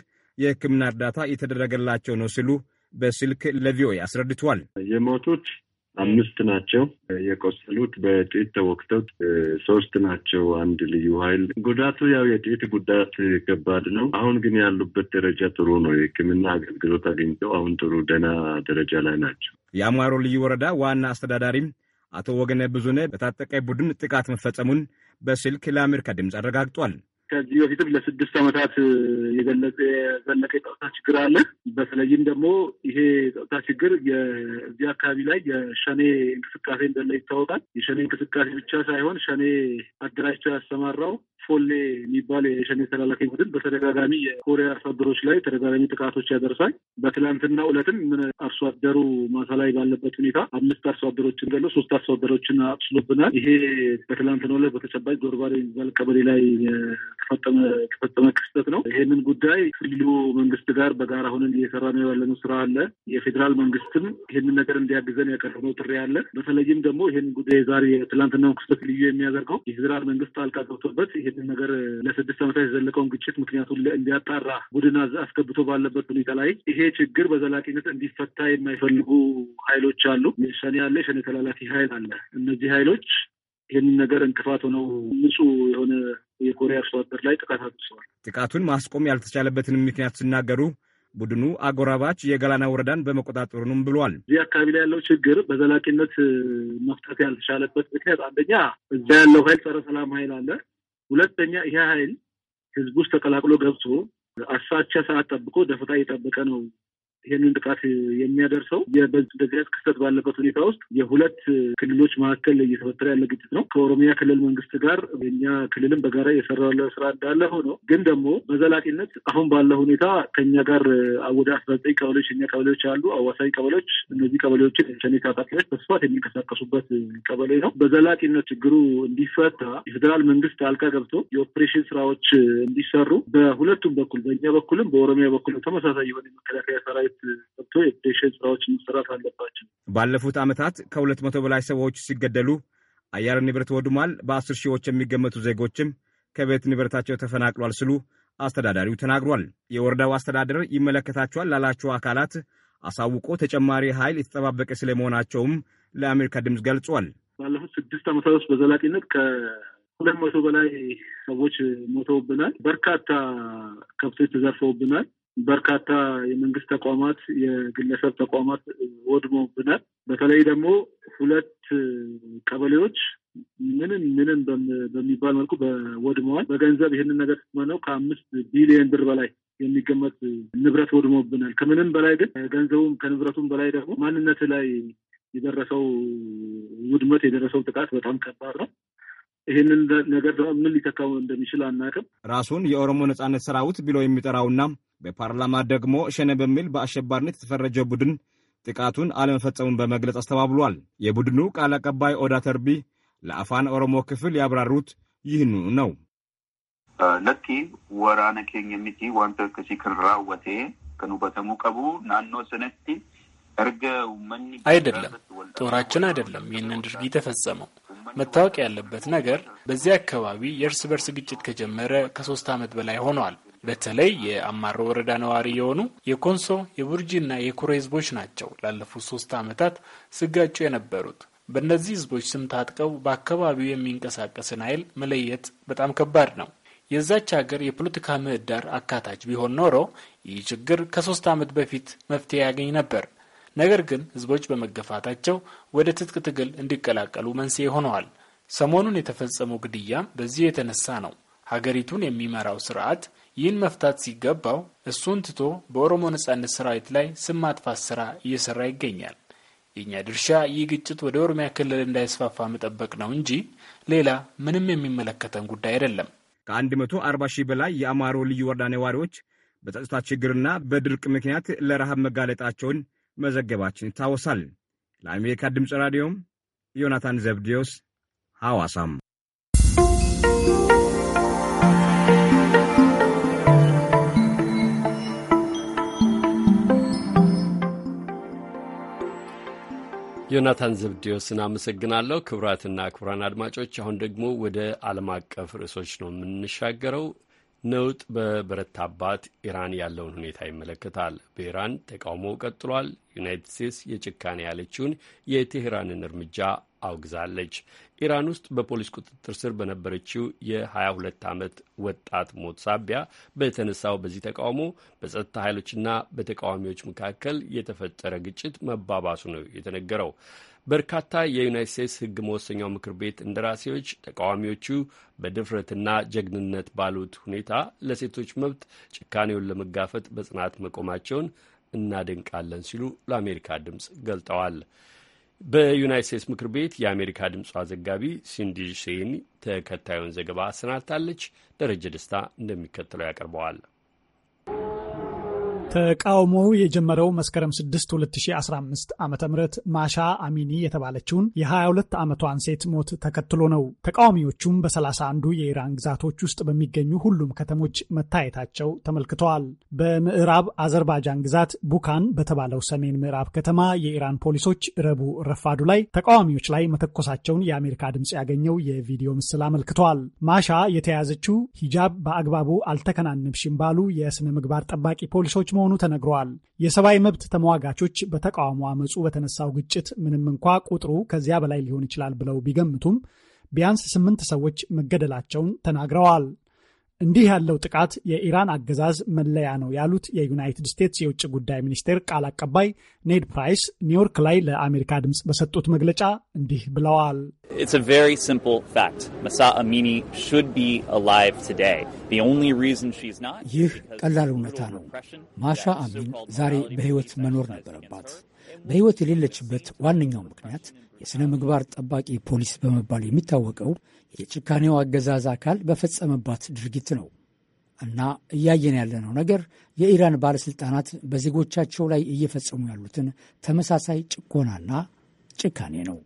የሕክምና እርዳታ የተደረገላቸው ነው ሲሉ በስልክ ለቪኦኤ አስረድቷል። የሞቱት አምስት ናቸው የቆሰሉት በጥይት ተወቅተው፣ ሶስት ናቸው አንድ ልዩ ኃይል። ጉዳቱ ያው የጥይት ጉዳት ከባድ ነው። አሁን ግን ያሉበት ደረጃ ጥሩ ነው። የህክምና አገልግሎት አግኝተው አሁን ጥሩ ደህና ደረጃ ላይ ናቸው። የአማሮ ልዩ ወረዳ ዋና አስተዳዳሪም አቶ ወገነ ብዙነ በታጠቀ ቡድን ጥቃት መፈጸሙን በስልክ ለአሜሪካ ድምፅ አረጋግጧል። ከዚህ በፊትም ለስድስት ዓመታት የገለጸ የዘለቀ የጸጥታ ችግር አለ። በተለይም ደግሞ ይሄ የጸጥታ ችግር የዚህ አካባቢ ላይ የሸኔ እንቅስቃሴ እንደለ ይታወቃል። የሸኔ እንቅስቃሴ ብቻ ሳይሆን ሸኔ አደራጅቶ ያሰማራው ፎሌ የሚባል የሸኔ ተላላኪ ቡድን በተደጋጋሚ የኮሪያ አርሶ አደሮች ላይ ተደጋጋሚ ጥቃቶች ያደርሳል። በትላንትና ዕለትም ምን አርሶ አደሩ ማሳ ላይ ባለበት ሁኔታ አምስት አርሶ አደሮችን ገሎ ሶስት አርሶ አደሮችን አቁስሎብናል። ይሄ በትላንትና ዕለት በተጨባጭ ጎርባሪ የሚባል ቀበሌ ላይ የተፈጸመ ክስተት ነው። ይሄንን ጉዳይ ክልሉ መንግስት ጋር በጋራ ሆነን እየሰራ ነው ያለነው ስራ አለ። የፌዴራል መንግስትም ይህንን ነገር እንዲያግዘን ያቀረብነው ጥሪ አለ። በተለይም ደግሞ ይህን ጉዳይ ዛሬ የትላንትናውን ክስተት ልዩ የሚያደርገው የፌዴራል መንግስት አልቃ ገብቶበት ይህን ነገር ለስድስት ዓመታት የዘለቀውን ግጭት ምክንያቱን እንዲያጣራ ቡድን አስገብቶ ባለበት ሁኔታ ላይ ይሄ ችግር በዘላቂነት እንዲፈታ የማይፈልጉ ኃይሎች አሉ። ሸኔ አለ፣ ሸኔ ተላላኪ ኃይል አለ። እነዚህ ኃይሎች ይህንን ነገር እንቅፋት ሆነው ንጹህ የሆነ የኮሪያ አርሶ አደር ላይ ጥቃት አድርሰዋል። ጥቃቱን ማስቆም ያልተቻለበትን ምክንያት ሲናገሩ ቡድኑ አጎራባች የገላና ወረዳን በመቆጣጠሩንም ብሏል። እዚህ አካባቢ ላይ ያለው ችግር በዘላቂነት መፍታት ያልተቻለበት ምክንያት አንደኛ እዛ ያለው ኃይል ጸረ ሰላም ኃይል አለ። ሁለተኛ ይሄ ሀይል ህዝብ ውስጥ ተቀላቅሎ ገብቶ አሳቻ ሰዓት ጠብቆ ደፈጣ እየጠበቀ ነው ይህንን ጥቃት የሚያደርሰው እንደዚህ ክስተት ባለበት ሁኔታ ውስጥ የሁለት ክልሎች መካከል እየተፈጠረ ያለ ግጭት ነው። ከኦሮሚያ ክልል መንግስት ጋር የኛ ክልልም በጋራ የሰራለ ስራ እንዳለ ሆኖ ግን ደግሞ በዘላቂነት አሁን ባለ ሁኔታ ከኛ ጋር ወደ አስራ ዘጠኝ ቀበሌዎች የኛ ቀበሌዎች አሉ፣ አዋሳኝ ቀበሌዎች። እነዚህ ቀበሌዎችን ሸኔ ታጣቂዎች በስፋት የሚንቀሳቀሱበት ቀበሌ ነው። በዘላቂነት ችግሩ እንዲፈታ የፌዴራል መንግስት አልቃ ገብቶ የኦፕሬሽን ስራዎች እንዲሰሩ በሁለቱም በኩል በእኛ በኩልም በኦሮሚያ በኩልም ተመሳሳይ የሆነ መከላከያ ሰራዊት መሬት ገብቶ የፕሬሽን ስራዎች መሰራት አለባቸው። ባለፉት ዓመታት ከሁለት መቶ በላይ ሰዎች ሲገደሉ አያሌ ንብረት ወድሟል፣ በአስር ሺዎች የሚገመቱ ዜጎችም ከቤት ንብረታቸው ተፈናቅሏል ሲሉ አስተዳዳሪው ተናግሯል። የወረዳው አስተዳደር ይመለከታቸዋል ላላቸው አካላት አሳውቆ ተጨማሪ ኃይል የተጠባበቀ ስለመሆናቸውም ለአሜሪካ ድምፅ ገልጿል። ባለፉት ስድስት ዓመታት ውስጥ በዘላቂነት ከሁለት መቶ በላይ ሰዎች ሞተውብናል። በርካታ ከብቶች ተዘርፈውብናል። በርካታ የመንግስት ተቋማት፣ የግለሰብ ተቋማት ወድሞብናል። በተለይ ደግሞ ሁለት ቀበሌዎች ምንም ምንም በሚባል መልኩ ወድመዋል። በገንዘብ ይህንን ነገር ስትመነው ከአምስት ቢሊዮን ብር በላይ የሚገመት ንብረት ወድሞብናል። ከምንም በላይ ግን ገንዘቡም ከንብረቱም በላይ ደግሞ ማንነት ላይ የደረሰው ውድመት የደረሰው ጥቃት በጣም ከባድ ነው። ይህንን ነገር ምን ሊተካው እንደሚችል አናቅም። ራሱን የኦሮሞ ነጻነት ሰራዊት ብሎ የሚጠራውና በፓርላማ ደግሞ ሸነ በሚል በአሸባሪነት የተፈረጀ ቡድን ጥቃቱን አለመፈጸሙን በመግለጽ አስተባብሏል። የቡድኑ ቃል አቀባይ ኦዳ ተርቢ ለአፋን ኦሮሞ ክፍል ያብራሩት ይህኑ ነው። ለኪ ወራነ ኬኝ ሚቲ ዋንቶ ከሲ ክንራወቴ በተሙ ቀቡ ናኖ ስነቲ መኒ አይደለም ጦራችን አይደለም ይህንን ድርጊት የፈጸመው መታወቅ ያለበት ነገር በዚህ አካባቢ የእርስ በርስ ግጭት ከጀመረ ከሶስት ዓመት በላይ ሆኗል። በተለይ የአማሮ ወረዳ ነዋሪ የሆኑ የኮንሶ የቡርጂና የኩሬ ህዝቦች ናቸው ላለፉት ሶስት ዓመታት ስጋጩ የነበሩት። በእነዚህ ህዝቦች ስም ታጥቀው በአካባቢው የሚንቀሳቀስን ኃይል መለየት በጣም ከባድ ነው። የዛች ሀገር የፖለቲካ ምህዳር አካታች ቢሆን ኖሮ ይህ ችግር ከሶስት ዓመት በፊት መፍትሄ ያገኝ ነበር። ነገር ግን ህዝቦች በመገፋታቸው ወደ ትጥቅ ትግል እንዲቀላቀሉ መንስኤ ሆነዋል። ሰሞኑን የተፈጸመው ግድያም በዚህ የተነሳ ነው። ሀገሪቱን የሚመራው ስርዓት ይህን መፍታት ሲገባው እሱን ትቶ በኦሮሞ ነጻነት ሰራዊት ላይ ስም ማጥፋት ስራ እየሰራ ይገኛል። የእኛ ድርሻ ይህ ግጭት ወደ ኦሮሚያ ክልል እንዳይስፋፋ መጠበቅ ነው እንጂ ሌላ ምንም የሚመለከተን ጉዳይ አይደለም። ከ140 ሺህ በላይ የአማሮ ልዩ ወረዳ ነዋሪዎች በጸጥታ ችግርና በድርቅ ምክንያት ለረሃብ መጋለጣቸውን መዘገባችን ይታወሳል። ለአሜሪካ ድምፅ ራዲዮም ዮናታን ዘብዲዮስ ሐዋሳም ዮናታን ዘብዴዎስን አመሰግናለሁ። ክቡራትና ክቡራን አድማጮች አሁን ደግሞ ወደ ዓለም አቀፍ ርዕሶች ነው የምንሻገረው። ነውጥ በበረታባት ኢራን ያለውን ሁኔታ ይመለከታል። በኢራን ተቃውሞ ቀጥሏል። ዩናይትድ ስቴትስ የጭካኔ ያለችውን የቴህራንን እርምጃ አውግዛለች። ኢራን ውስጥ በፖሊስ ቁጥጥር ስር በነበረችው የ22 ዓመት ወጣት ሞት ሳቢያ በተነሳው በዚህ ተቃውሞ በጸጥታ ኃይሎችና በተቃዋሚዎች መካከል የተፈጠረ ግጭት መባባሱ ነው የተነገረው። በርካታ የዩናይት ስቴትስ ሕግ መወሰኛው ምክር ቤት እንደራሴዎች ተቃዋሚዎቹ በድፍረትና ጀግንነት ባሉት ሁኔታ ለሴቶች መብት ጭካኔውን ለመጋፈጥ በጽናት መቆማቸውን እናደንቃለን ሲሉ ለአሜሪካ ድምፅ ገልጠዋል። በዩናይት ስቴትስ ምክር ቤት የአሜሪካ ድምፅ ዘጋቢ ሲንዲ ሴን ተከታዩን ዘገባ አሰናድታለች። ደረጀ ደስታ እንደሚከተለው ያቀርበዋል። ተቃውሞው የጀመረው መስከረም 6 2015 ዓ ም ማሻ አሚኒ የተባለችውን የ22 ዓመቷን ሴት ሞት ተከትሎ ነው። ተቃዋሚዎቹም በ31ዱ የኢራን ግዛቶች ውስጥ በሚገኙ ሁሉም ከተሞች መታየታቸው ተመልክተዋል። በምዕራብ አዘርባጃን ግዛት ቡካን በተባለው ሰሜን ምዕራብ ከተማ የኢራን ፖሊሶች ረቡዕ ረፋዱ ላይ ተቃዋሚዎች ላይ መተኮሳቸውን የአሜሪካ ድምፅ ያገኘው የቪዲዮ ምስል አመልክተዋል። ማሻ የተያዘችው ሂጃብ በአግባቡ አልተከናንብሽም ባሉ የሥነ ምግባር ጠባቂ ፖሊሶች መሆኑ ተነግሯል። የሰብአዊ መብት ተሟጋቾች በተቃውሞ አመፁ በተነሳው ግጭት ምንም እንኳ ቁጥሩ ከዚያ በላይ ሊሆን ይችላል ብለው ቢገምቱም ቢያንስ ስምንት ሰዎች መገደላቸውን ተናግረዋል። እንዲህ ያለው ጥቃት የኢራን አገዛዝ መለያ ነው ያሉት የዩናይትድ ስቴትስ የውጭ ጉዳይ ሚኒስቴር ቃል አቀባይ ኔድ ፕራይስ ኒውዮርክ ላይ ለአሜሪካ ድምፅ በሰጡት መግለጫ እንዲህ ብለዋል። ይህ ቀላል እውነታ ነው። ማሻ አሚን ዛሬ በሕይወት መኖር ነበረባት። በሕይወት የሌለችበት ዋነኛው ምክንያት የሥነ ምግባር ጠባቂ ፖሊስ በመባል የሚታወቀው የጭካኔው አገዛዝ አካል በፈጸመባት ድርጊት ነው እና እያየን ያለነው ነገር የኢራን ባለሥልጣናት በዜጎቻቸው ላይ እየፈጸሙ ያሉትን ተመሳሳይ ጭቆናና ጭካኔ ነው።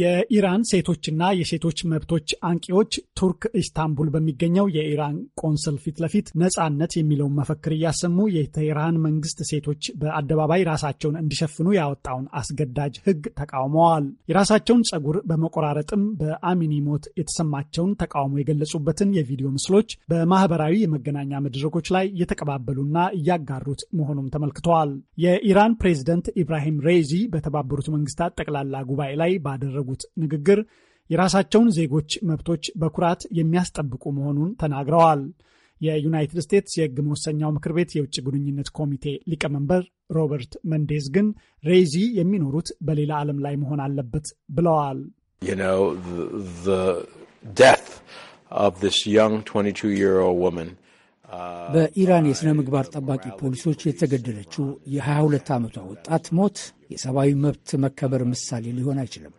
የኢራን ሴቶችና የሴቶች መብቶች አንቂዎች ቱርክ ኢስታንቡል በሚገኘው የኢራን ቆንስል ፊት ለፊት ነጻነት የሚለውን መፈክር እያሰሙ የቴህራን መንግስት ሴቶች በአደባባይ ራሳቸውን እንዲሸፍኑ ያወጣውን አስገዳጅ ሕግ ተቃውመዋል። የራሳቸውን ጸጉር በመቆራረጥም በአሚኒ ሞት የተሰማቸውን ተቃውሞ የገለጹበትን የቪዲዮ ምስሎች በማህበራዊ የመገናኛ መድረኮች ላይ እየተቀባበሉና እያጋሩት መሆኑም ተመልክተዋል። የኢራን ፕሬዝደንት ኢብራሂም ሬዚ በተባበሩት መንግስታት ጠቅላላ ጉባኤ ላይ ባደ ባደረጉት ንግግር የራሳቸውን ዜጎች መብቶች በኩራት የሚያስጠብቁ መሆኑን ተናግረዋል። የዩናይትድ ስቴትስ የሕግ መወሰኛው ምክር ቤት የውጭ ግንኙነት ኮሚቴ ሊቀመንበር ሮበርት መንዴዝ ግን ሬይዚ የሚኖሩት በሌላ ዓለም ላይ መሆን አለበት ብለዋል። uh, በኢራን የሥነ ምግባር ጠባቂ ፖሊሶች የተገደለችው የ22 ዓመቷ ወጣት ሞት የሰብአዊ መብት መከበር ምሳሌ ሊሆን አይችልም።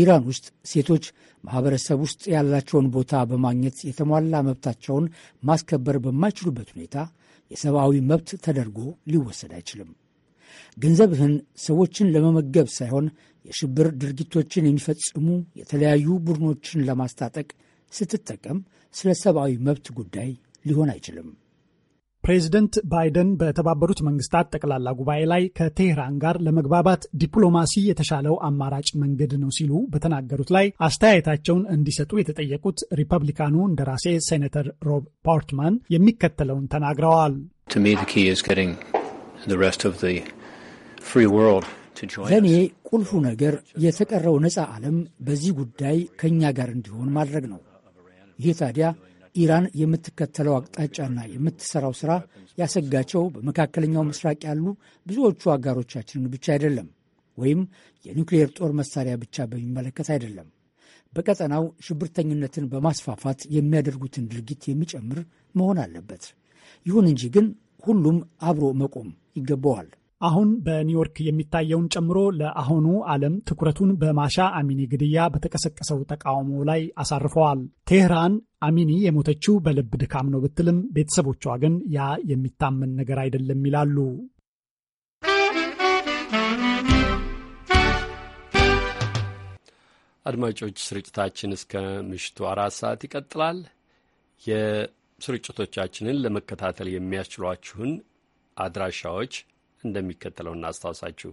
ኢራን ውስጥ ሴቶች ማህበረሰብ ውስጥ ያላቸውን ቦታ በማግኘት የተሟላ መብታቸውን ማስከበር በማይችሉበት ሁኔታ የሰብአዊ መብት ተደርጎ ሊወሰድ አይችልም። ገንዘብህን ሰዎችን ለመመገብ ሳይሆን የሽብር ድርጊቶችን የሚፈጽሙ የተለያዩ ቡድኖችን ለማስታጠቅ ስትጠቀም ስለ ሰብአዊ መብት ጉዳይ ሊሆን አይችልም። ፕሬዚደንት ባይደን በተባበሩት መንግስታት ጠቅላላ ጉባኤ ላይ ከቴህራን ጋር ለመግባባት ዲፕሎማሲ የተሻለው አማራጭ መንገድ ነው ሲሉ በተናገሩት ላይ አስተያየታቸውን እንዲሰጡ የተጠየቁት ሪፐብሊካኑ እንደራሴ ሴኔተር ሮብ ፖርትማን የሚከተለውን ተናግረዋል። ለእኔ ቁልፉ ነገር የተቀረው ነፃ ዓለም በዚህ ጉዳይ ከእኛ ጋር እንዲሆን ማድረግ ነው። ይህ ታዲያ ኢራን የምትከተለው አቅጣጫና የምትሰራው ስራ ያሰጋቸው በመካከለኛው ምስራቅ ያሉ ብዙዎቹ አጋሮቻችንን ብቻ አይደለም፣ ወይም የኒውክሌር ጦር መሳሪያ ብቻ በሚመለከት አይደለም። በቀጠናው ሽብርተኝነትን በማስፋፋት የሚያደርጉትን ድርጊት የሚጨምር መሆን አለበት። ይሁን እንጂ ግን ሁሉም አብሮ መቆም ይገባዋል። አሁን በኒውዮርክ የሚታየውን ጨምሮ ለአሁኑ ዓለም ትኩረቱን በማሻ አሚኒ ግድያ በተቀሰቀሰው ተቃውሞ ላይ አሳርፈዋል። ቴህራን አሚኒ የሞተችው በልብ ድካም ነው ብትልም ቤተሰቦቿ ግን ያ የሚታመን ነገር አይደለም ይላሉ። አድማጮች ስርጭታችን እስከ ምሽቱ አራት ሰዓት ይቀጥላል። የስርጭቶቻችንን ለመከታተል የሚያስችሏችሁን አድራሻዎች እንደሚከተለው እናስታውሳችሁ።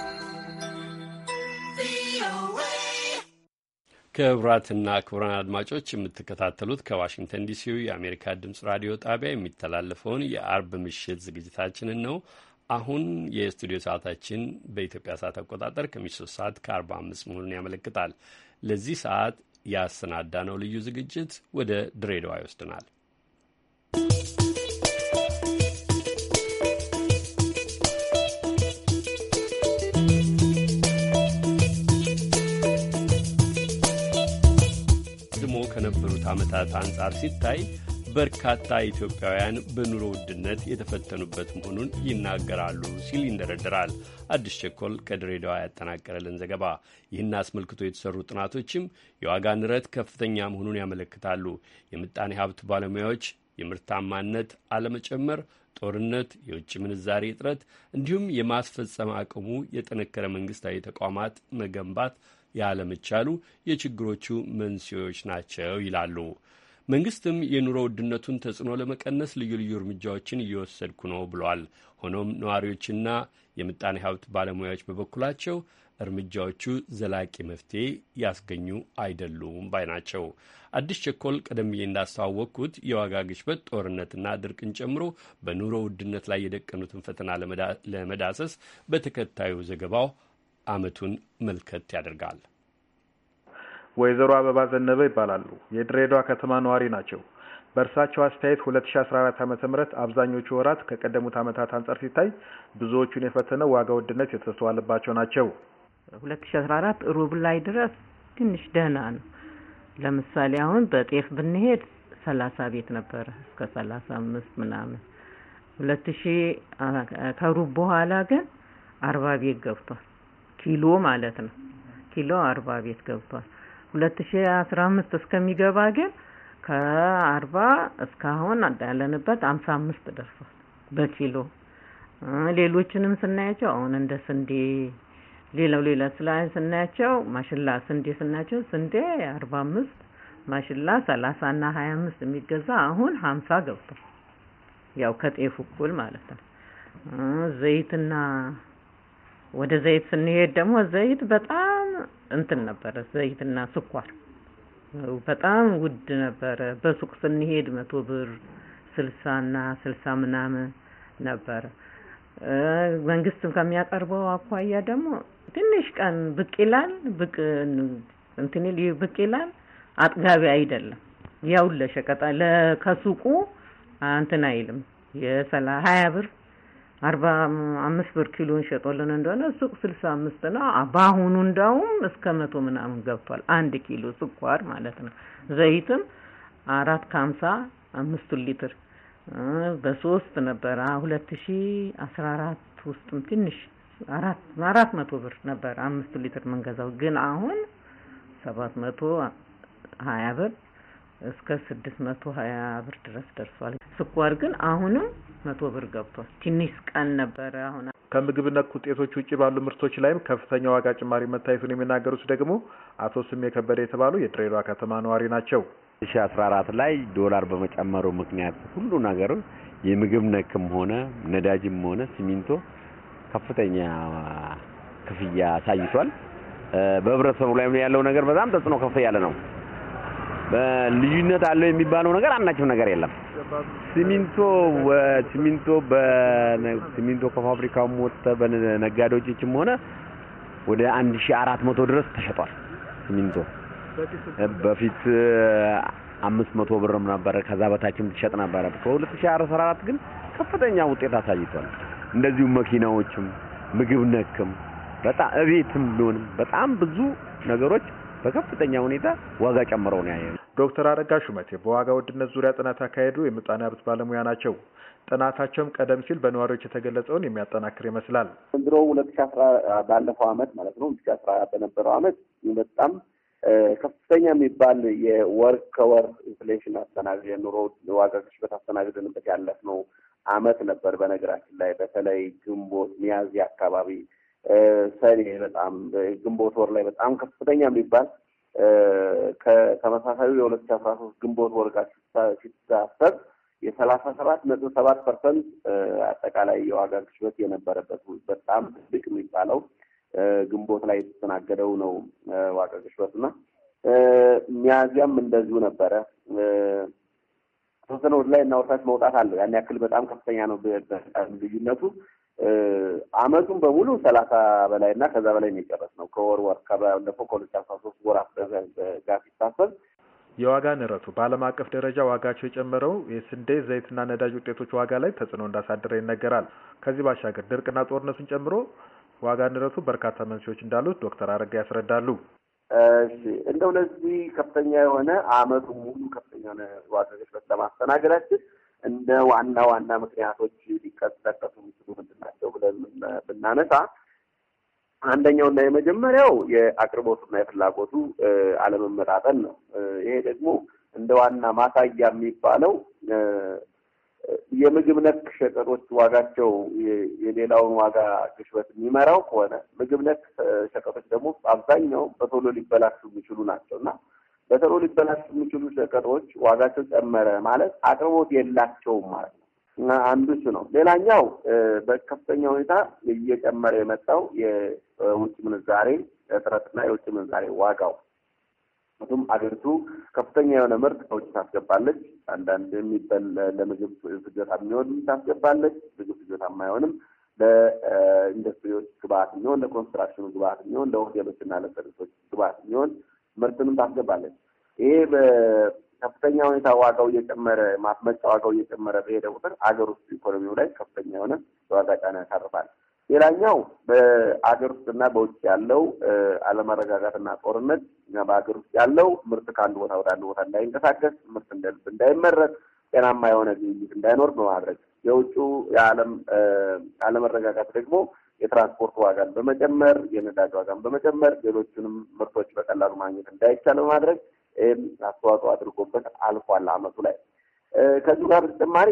ክቡራትና ክቡራን አድማጮች የምትከታተሉት ከዋሽንግተን ዲሲው የአሜሪካ ድምፅ ራዲዮ ጣቢያ የሚተላለፈውን የአርብ ምሽት ዝግጅታችንን ነው። አሁን የስቱዲዮ ሰዓታችን በኢትዮጵያ ሰዓት አቆጣጠር ከምሽቱ ሰዓት ከ45 መሆኑን ያመለክታል። ለዚህ ሰዓት ያሰናዳነው ልዩ ዝግጅት ወደ ድሬዳዋ ይወስድናል። ከነበሩት ዓመታት አንጻር ሲታይ በርካታ ኢትዮጵያውያን በኑሮ ውድነት የተፈተኑበት መሆኑን ይናገራሉ ሲል ይንደረደራል። አዲስ ቸኮል ከድሬዳዋ ያጠናቀረልን ዘገባ ይህን አስመልክቶ የተሰሩ ጥናቶችም የዋጋ ንረት ከፍተኛ መሆኑን ያመለክታሉ። የምጣኔ ሀብት ባለሙያዎች የምርታማነት አለመጨመር፣ ጦርነት፣ የውጭ ምንዛሬ እጥረት እንዲሁም የማስፈጸም አቅሙ የጠነከረ መንግስታዊ ተቋማት መገንባት ያለመቻሉ የችግሮቹ መንስኤዎች ናቸው ይላሉ። መንግስትም የኑሮ ውድነቱን ተጽዕኖ ለመቀነስ ልዩ ልዩ እርምጃዎችን እየወሰድኩ ነው ብሏል። ሆኖም ነዋሪዎችና የምጣኔ ሀብት ባለሙያዎች በበኩላቸው እርምጃዎቹ ዘላቂ መፍትሄ ያስገኙ አይደሉም ባይ ናቸው። አዲስ ቸኮል ቀደም ብዬ እንዳስተዋወቅኩት የዋጋ ግሽበት፣ ጦርነትና ድርቅን ጨምሮ በኑሮ ውድነት ላይ የደቀኑትን ፈተና ለመዳሰስ በተከታዩ ዘገባው ዓመቱን መልከት ያደርጋል። ወይዘሮ አበባ ዘነበ ይባላሉ። የድሬዳዋ ከተማ ነዋሪ ናቸው። በእርሳቸው አስተያየት 2014 ም አብዛኞቹ ወራት ከቀደሙት ዓመታት አንጻር ሲታይ ብዙዎቹን የፈተነ ዋጋ ውድነት የተስተዋለባቸው ናቸው። 2014 ሩብ ላይ ድረስ ትንሽ ደህና ነው። ለምሳሌ አሁን በጤፍ ብንሄድ 30 ቤት ነበረ እስከ 35 ምናምን። 2000 ከሩብ በኋላ ግን 40 ቤት ገብቷል። ኪሎ ማለት ነው። ኪሎ አርባ ቤት ገብቷል። ሁለት ሺ አስራ አምስት እስከሚገባ ግን ከአርባ እስካሁን ያለንበት አምሳ አምስት ደርሷል በኪሎ። ሌሎችንም ስናያቸው አሁን እንደ ስንዴ ሌላው ሌላ ስላይ ስናያቸው ማሽላ ስንዴ ስናያቸው ስንዴ አርባ አምስት ማሽላ ሰላሳ እና ሀያ አምስት የሚገዛ አሁን ሀምሳ ገብቷል። ያው ከጤፍ እኩል ማለት ነው ዘይትና ወደ ዘይት ስንሄድ ደግሞ ዘይት በጣም እንትን ነበረ። ዘይትና ስኳር በጣም ውድ ነበረ። በሱቅ ስንሄድ መቶ ብር ስልሳና ስልሳ ምናምን ነበረ። መንግስትም ከሚያቀርበው አኳያ ደግሞ ትንሽ ቀን ብቅ ይላል፣ ብቅ እንትን ብቅ ይላል። አጥጋቢ አይደለም። ያው ለሸቀጣ ለከሱቁ እንትን አይልም የሰላ ሀያ ብር አርባ አምስት ብር ኪሎ ሸጦልን እንደሆነ ሱቅ ስልሳ አምስት ነው። በአሁኑ እንዳውም እስከ መቶ ምናምን ገብቷል። አንድ ኪሎ ስኳር ማለት ነው። ዘይትም አራት ከሀምሳ አምስቱ ሊትር በሶስት ነበረ ሁለት ሺ አስራ አራት ውስጥም ትንሽ አራት አራት መቶ ብር ነበር አምስቱ ሊትር የምንገዛው ግን አሁን ሰባት መቶ ሀያ ብር እስከ ስድስት መቶ ሀያ ብር ድረስ ደርሷል። ስኳር ግን አሁንም መቶ ብር ገብቷል። ትንሽ ቀን ነበረ። አሁን ከምግብ ነክ ውጤቶች ውጭ ባሉ ምርቶች ላይም ከፍተኛ ዋጋ ጭማሪ መታየቱን የሚናገሩት ደግሞ አቶ ስሜ ከበደ የተባሉ የድሬዳዋ ከተማ ነዋሪ ናቸው። ሺ አስራ አራት ላይ ዶላር በመጨመሩ ምክንያት ሁሉ ነገር የምግብ ነክም ሆነ ነዳጅም ሆነ ሲሚንቶ ከፍተኛ ክፍያ አሳይቷል። በህብረተሰቡ ላይ ያለው ነገር በጣም ተጽዕኖ ከፍ ያለ ነው። ልዩነት አለው የሚባለው ነገር አንዳችም ነገር የለም። ሲሚንቶ ሲሚንቶ በሲሚንቶ ከፋብሪካውም ወጥተ በነጋዴዎችም ሆነ ወደ 1400 ድረስ ተሸጧል። ሲሚንቶ በፊት 500 ብርም ነበረ፣ ከዛ በታችም ትሸጥ ነበረ። ከ2014 ግን ከፍተኛ ውጤት አሳይቷል። እንደዚሁ መኪናዎችም ምግብ ነክም በጣም እቤትም ቢሆንም በጣም ብዙ ነገሮች በከፍተኛ ሁኔታ ዋጋ ጨምረው ነው ያየነው። ዶክተር አረጋ ሹመቴ በዋጋ ውድነት ዙሪያ ጥናት ያካሄዱ የምጣኔ ሀብት ባለሙያ ናቸው። ጥናታቸውም ቀደም ሲል በነዋሪዎች የተገለጸውን የሚያጠናክር ይመስላል። ዘንድሮ ሁለት ሺ አስራ ባለፈው አመት ማለት ነው ሁለት ሺ አስራ በነበረው አመት በጣም ከፍተኛ የሚባል የወር ከወር ኢንፍሌሽን አስተናግድ የኑሮ ዋጋ ግሽበት አስተናግድንበት ያለፍነው አመት ነበር። በነገራችን ላይ በተለይ ግንቦት ሚያዝያ አካባቢ ሰኔ በጣም ግንቦት ወር ላይ በጣም ከፍተኛ የሚባል ከተመሳሳዩ የሁለት ሺ አስራ ሶስት ግንቦት ወር ጋር ሲታሰብ የሰላሳ ሰባት ነጥብ ሰባት ፐርሰንት አጠቃላይ የዋጋ ግሽበት የነበረበት በጣም ትልቅ የሚባለው ግንቦት ላይ የተስተናገደው ነው ዋጋ ግሽበት እና ሚያዚያም እንደዚሁ ነበረ። ተወሰነ ወደ ላይ እና ወደ ታች መውጣት አለው። ያን ያክል በጣም ከፍተኛ ነው ልዩነቱ። አመቱን በሙሉ ሰላሳ በላይ እና ከዛ በላይ የሚጨረስ ነው። ከወር ወር ከባለፈው ከሁለት አስራ ሶስት ወራት ጋር ሲታሰብ የዋጋ ንረቱ በዓለም አቀፍ ደረጃ ዋጋቸው የጨመረው የስንዴ ዘይትና ነዳጅ ውጤቶች ዋጋ ላይ ተጽዕኖ እንዳሳደረ ይነገራል። ከዚህ ባሻገር ድርቅና ጦርነቱን ጨምሮ ዋጋ ንረቱ በርካታ መንስኤዎች እንዳሉት ዶክተር አረጋ ያስረዳሉ። እሺ እንደው ለዚህ ከፍተኛ የሆነ አመቱ ሙሉ ከፍተኛ የሆነ ዋጋ ግሽበት ለማስተናገዳችን እንደ ዋና ዋና ምክንያቶች ሊቀጠቀሱ ብናነሳ አንደኛውና የመጀመሪያው የአቅርቦቱና የፍላጎቱ አለመመጣጠን ነው። ይሄ ደግሞ እንደ ዋና ማሳያ የሚባለው የምግብ ነክ ሸቀጦች ዋጋቸው የሌላውን ዋጋ ግሽበት የሚመራው ከሆነ ምግብ ነክ ሸቀጦች ደግሞ አብዛኛው በቶሎ ሊበላሹ የሚችሉ ናቸው እና በቶሎ ሊበላሹ የሚችሉ ሸቀጦች ዋጋቸው ጨመረ ማለት አቅርቦት የላቸውም ማለት ነው። አንዱ እሱ ነው። ሌላኛው በከፍተኛ ሁኔታ እየጨመረ የመጣው የውጭ ምንዛሬ እጥረትና የውጭ ምንዛሬ ዋጋው ምክንያቱም አገሪቱ ከፍተኛ የሆነ ምርት ከውጭ ታስገባለች። አንዳንድ የሚበል ለምግብ ፍጆታ የሚሆን ታስገባለች። ምግብ ፍጆታ የማይሆንም ለኢንዱስትሪዎች ግብአት የሚሆን ለኮንስትራክሽኑ ግብአት የሚሆን ለሆቴሎች እና ለሰርቶች ግብአት የሚሆን ምርትንም ታስገባለች። ይሄ ከፍተኛ ሁኔታ ዋጋው እየጨመረ ማስመጫ ዋጋው እየጨመረ በሄደ ቁጥር አገር ውስጥ ኢኮኖሚው ላይ ከፍተኛ የሆነ የዋጋ ጫና ያሳርፋል። ሌላኛው በአገር ውስጥና በውጭ ያለው አለመረጋጋትና ጦርነት እና በአገር ውስጥ ያለው ምርት ከአንድ ቦታ ወደ አንድ ቦታ እንዳይንቀሳቀስ፣ ምርት እንደልብ እንዳይመረት፣ ጤናማ የሆነ ግብይት እንዳይኖር በማድረግ የውጭ የዓለም አለመረጋጋት ደግሞ የትራንስፖርት ዋጋን በመጨመር የነዳጅ ዋጋን በመጨመር ሌሎቹንም ምርቶች በቀላሉ ማግኘት እንዳይቻል በማድረግ ይህም አስተዋጽኦ አድርጎበት አልፏል አመቱ ላይ። ከዚሁ ጋር በተጨማሪ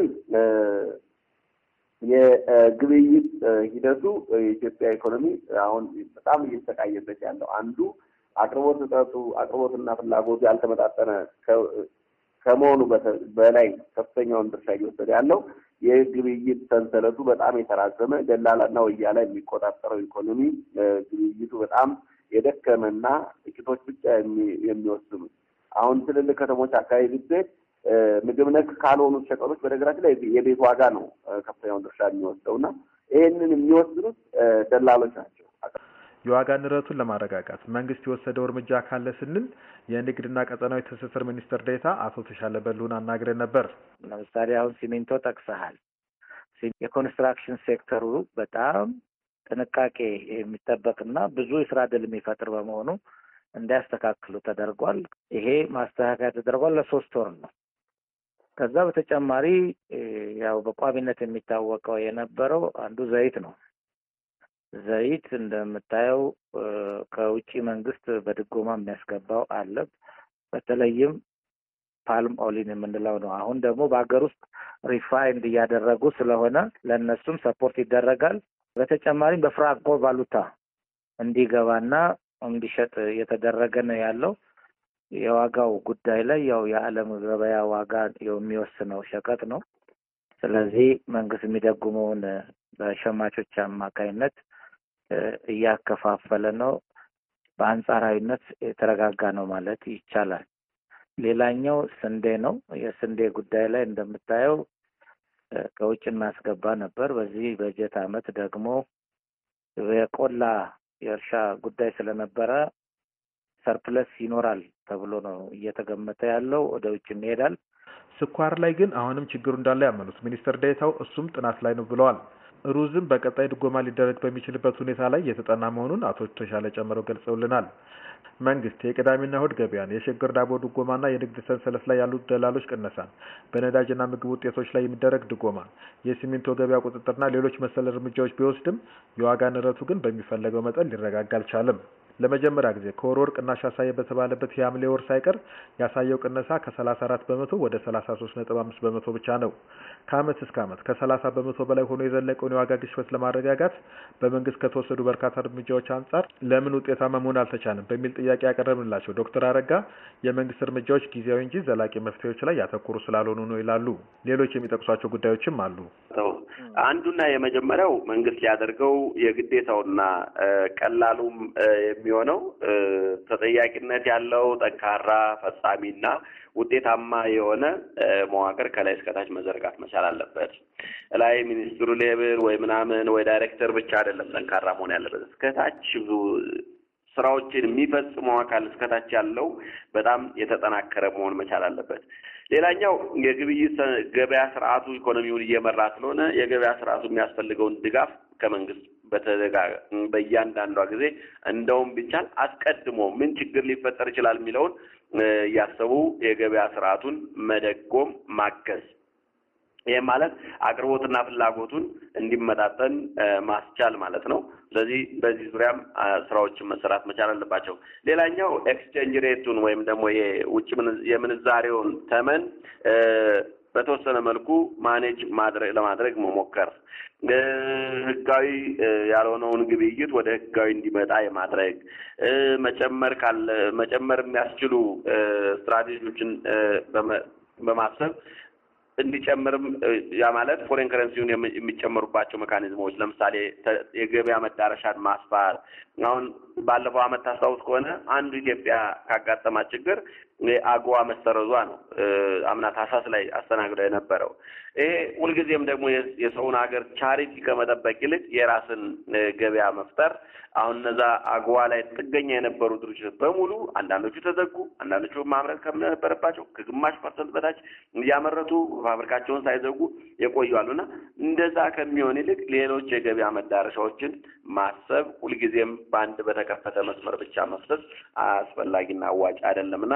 የግብይት ሂደቱ የኢትዮጵያ ኢኮኖሚ አሁን በጣም እየተሰቃየበት ያለው አንዱ አቅርቦት እጥረቱ አቅርቦትና ፍላጎቱ ያልተመጣጠነ ከመሆኑ በላይ ከፍተኛውን ድርሻ እየወሰደ ያለው የግብይት ሰንሰለቱ በጣም የተራዘመ ደላላና ወያላ የሚቆጣጠረው ኢኮኖሚ ግብይቱ በጣም የደከመና ጥቂቶች ብቻ የሚወስኑት አሁን ትልልቅ ከተሞች አካባቢ ጊዜ ምግብ ነክ ካልሆኑ ሸቀጦች በነገራችን ላይ የቤት ዋጋ ነው ከፍተኛውን ድርሻ የሚወስደው እና ይህንን የሚወስዱት ደላሎች ናቸው። የዋጋ ንረቱን ለማረጋጋት መንግስት የወሰደው እርምጃ ካለ ስንል የንግድና ቀጠናዊ ትስስር ሚኒስትር ዴታ አቶ ተሻለ በሉን አናግረን ነበር። ለምሳሌ አሁን ሲሚንቶ ጠቅሰሃል። የኮንስትራክሽን ሴክተሩ በጣም ጥንቃቄ የሚጠበቅና ብዙ የስራ ዕድል የሚፈጥር በመሆኑ እንዳያስተካክሉ ተደርጓል። ይሄ ማስተካከያ ተደርጓል። ለሶስት ወር ነው። ከዛ በተጨማሪ ያው በቋሚነት የሚታወቀው የነበረው አንዱ ዘይት ነው። ዘይት እንደምታየው ከውጭ መንግስት በድጎማ የሚያስገባው አለ። በተለይም ፓልም ኦሊን የምንለው ነው። አሁን ደግሞ በሀገር ውስጥ ሪፋይንድ እያደረጉ ስለሆነ ለእነሱም ሰፖርት ይደረጋል። በተጨማሪም በፍራንኮ ቫሉታ እንዲገባና እንዲሸጥ እየተደረገ ነው ያለው። የዋጋው ጉዳይ ላይ ያው የዓለም ገበያ ዋጋ የሚወስነው ሸቀጥ ነው። ስለዚህ መንግስት የሚደጉመውን በሸማቾች አማካይነት እያከፋፈለ ነው። በአንጻራዊነት የተረጋጋ ነው ማለት ይቻላል። ሌላኛው ስንዴ ነው። የስንዴ ጉዳይ ላይ እንደምታየው ከውጭ እናስገባ ነበር። በዚህ በጀት ዓመት ደግሞ የቆላ የእርሻ ጉዳይ ስለነበረ ሰርፕለስ ይኖራል ተብሎ ነው እየተገመተ ያለው። ወደ ውጭም ይሄዳል። ስኳር ላይ ግን አሁንም ችግሩ እንዳለ ያመኑት ሚኒስትር ዴታው እሱም ጥናት ላይ ነው ብለዋል። ሩዝም በቀጣይ ድጎማ ሊደረግ በሚችልበት ሁኔታ ላይ የተጠና መሆኑን አቶ ተሻለ ጨምረው ገልጸውልናል። መንግስት የቅዳሜና እሁድ ገበያን፣ የሸገር ዳቦ ድጎማና የንግድ ሰንሰለት ላይ ያሉ ደላሎች ቅነሳን፣ በነዳጅና ምግብ ውጤቶች ላይ የሚደረግ ድጎማ፣ የሲሚንቶ ገበያ ቁጥጥርና ሌሎች መሰል እርምጃዎች ቢወስድም የዋጋ ንረቱ ግን በሚፈለገው መጠን ሊረጋጋ አልቻለም። ለመጀመሪያ ጊዜ ከወር ወር ቅናሽ ያሳየ በተባለበት የሐምሌ ወር ሳይቀር ያሳየው ቅነሳ ከ34 በመቶ ወደ 33.5 በመቶ ብቻ ነው። ከዓመት እስከ ዓመት ከ30 በመቶ በላይ ሆኖ የዘለቀውን የዋጋ ግሽበት ለማረጋጋት በመንግስት ከተወሰዱ በርካታ እርምጃዎች አንጻር ለምን ውጤታማ መሆን አልተቻለም በሚል ጥያቄ ያቀረብንላቸው ዶክተር አረጋ የመንግስት እርምጃዎች ጊዜያዊ እንጂ ዘላቂ መፍትሄዎች ላይ ያተኮሩ ስላልሆኑ ነው ይላሉ። ሌሎች የሚጠቅሷቸው ጉዳዮችም አሉ። አንዱና የመጀመሪያው መንግስት ሊያደርገው የግዴታውና ቀላሉም የሚ የሚሆነው ተጠያቂነት ያለው ጠንካራ ፈጻሚና ውጤታማ የሆነ መዋቅር ከላይ እስከታች መዘርጋት መቻል አለበት። ላይ ሚኒስትሩ ሌብል ወይ ምናምን ወይ ዳይሬክተር ብቻ አይደለም ጠንካራ መሆን ያለበት እስከታች ብዙ ስራዎችን የሚፈጽመው አካል እስከታች ያለው በጣም የተጠናከረ መሆን መቻል አለበት። ሌላኛው የግብይት ገበያ ስርዓቱ ኢኮኖሚውን እየመራ ስለሆነ የገበያ ስርዓቱ የሚያስፈልገውን ድጋፍ ከመንግስት በእያንዳንዷ ጊዜ እንደውም ቢቻል አስቀድሞ ምን ችግር ሊፈጠር ይችላል የሚለውን እያሰቡ የገበያ ስርዓቱን መደጎም ማገዝ ይህም ማለት አቅርቦትና ፍላጎቱን እንዲመጣጠን ማስቻል ማለት ነው። ስለዚህ በዚህ ዙሪያም ስራዎችን መሰራት መቻል አለባቸው። ሌላኛው ኤክስቼንጅ ሬቱን ወይም ደግሞ ውጭ የምንዛሬውን ተመን በተወሰነ መልኩ ማኔጅ ለማድረግ መሞከር፣ ህጋዊ ያልሆነውን ግብይት ወደ ህጋዊ እንዲመጣ የማድረግ መጨመር ካለ መጨመር የሚያስችሉ ስትራቴጂዎችን በማሰብ እንዲጨምርም ያ ማለት ፎሬን ከረንሲውን የሚጨምሩባቸው ሜካኒዝሞች ለምሳሌ የገበያ መዳረሻን ማስፋት። አሁን ባለፈው አመት ታስታውስ ከሆነ አንዱ ኢትዮጵያ ካጋጠማት ችግር አግዋ መሰረዟ ነው። አምና ታህሳስ ላይ አስተናግዶ የነበረው ይሄ ሁልጊዜም ደግሞ የሰውን ሀገር ቻሪቲ ከመጠበቅ ይልቅ የራስን ገበያ መፍጠር። አሁን እነዛ አግዋ ላይ ጥገኛ የነበሩ ድርጅቶች በሙሉ አንዳንዶቹ ተዘጉ፣ አንዳንዶቹ ማምረት ከነበረባቸው ከግማሽ ፐርሰንት በታች እያመረቱ ፋብሪካቸውን ሳይዘጉ የቆዩ አሉና እንደዛ ከሚሆን ይልቅ ሌሎች የገበያ መዳረሻዎችን ማሰብ ሁልጊዜም በአንድ በተከፈተ መስመር ብቻ መፍሰስ አስፈላጊና አዋጭ አይደለምና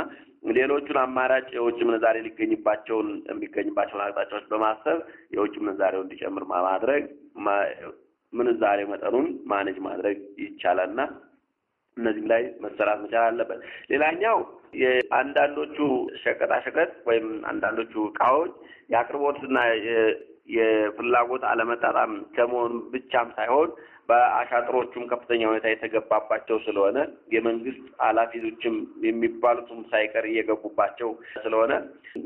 ሌሎቹን አማራጭ የውጭ ምንዛሬ ሊገኝባቸውን የሚገኝባቸውን አቅጣጫዎች በማሰብ የውጭ ምንዛሬው እንዲጨምር ማድረግ ምንዛሬ መጠኑን ማኔጅ ማድረግ ይቻላልና እነዚህም ላይ መሰራት መቻል አለበት። ሌላኛው የአንዳንዶቹ ሸቀጣሸቀጥ ወይም አንዳንዶቹ እቃዎች የአቅርቦትና የፍላጎት አለመጣጣም ከመሆኑ ብቻም ሳይሆን በአሻጥሮቹም ከፍተኛ ሁኔታ የተገባባቸው ስለሆነ የመንግስት ኃላፊዎችም የሚባሉትም ሳይቀር እየገቡባቸው ስለሆነ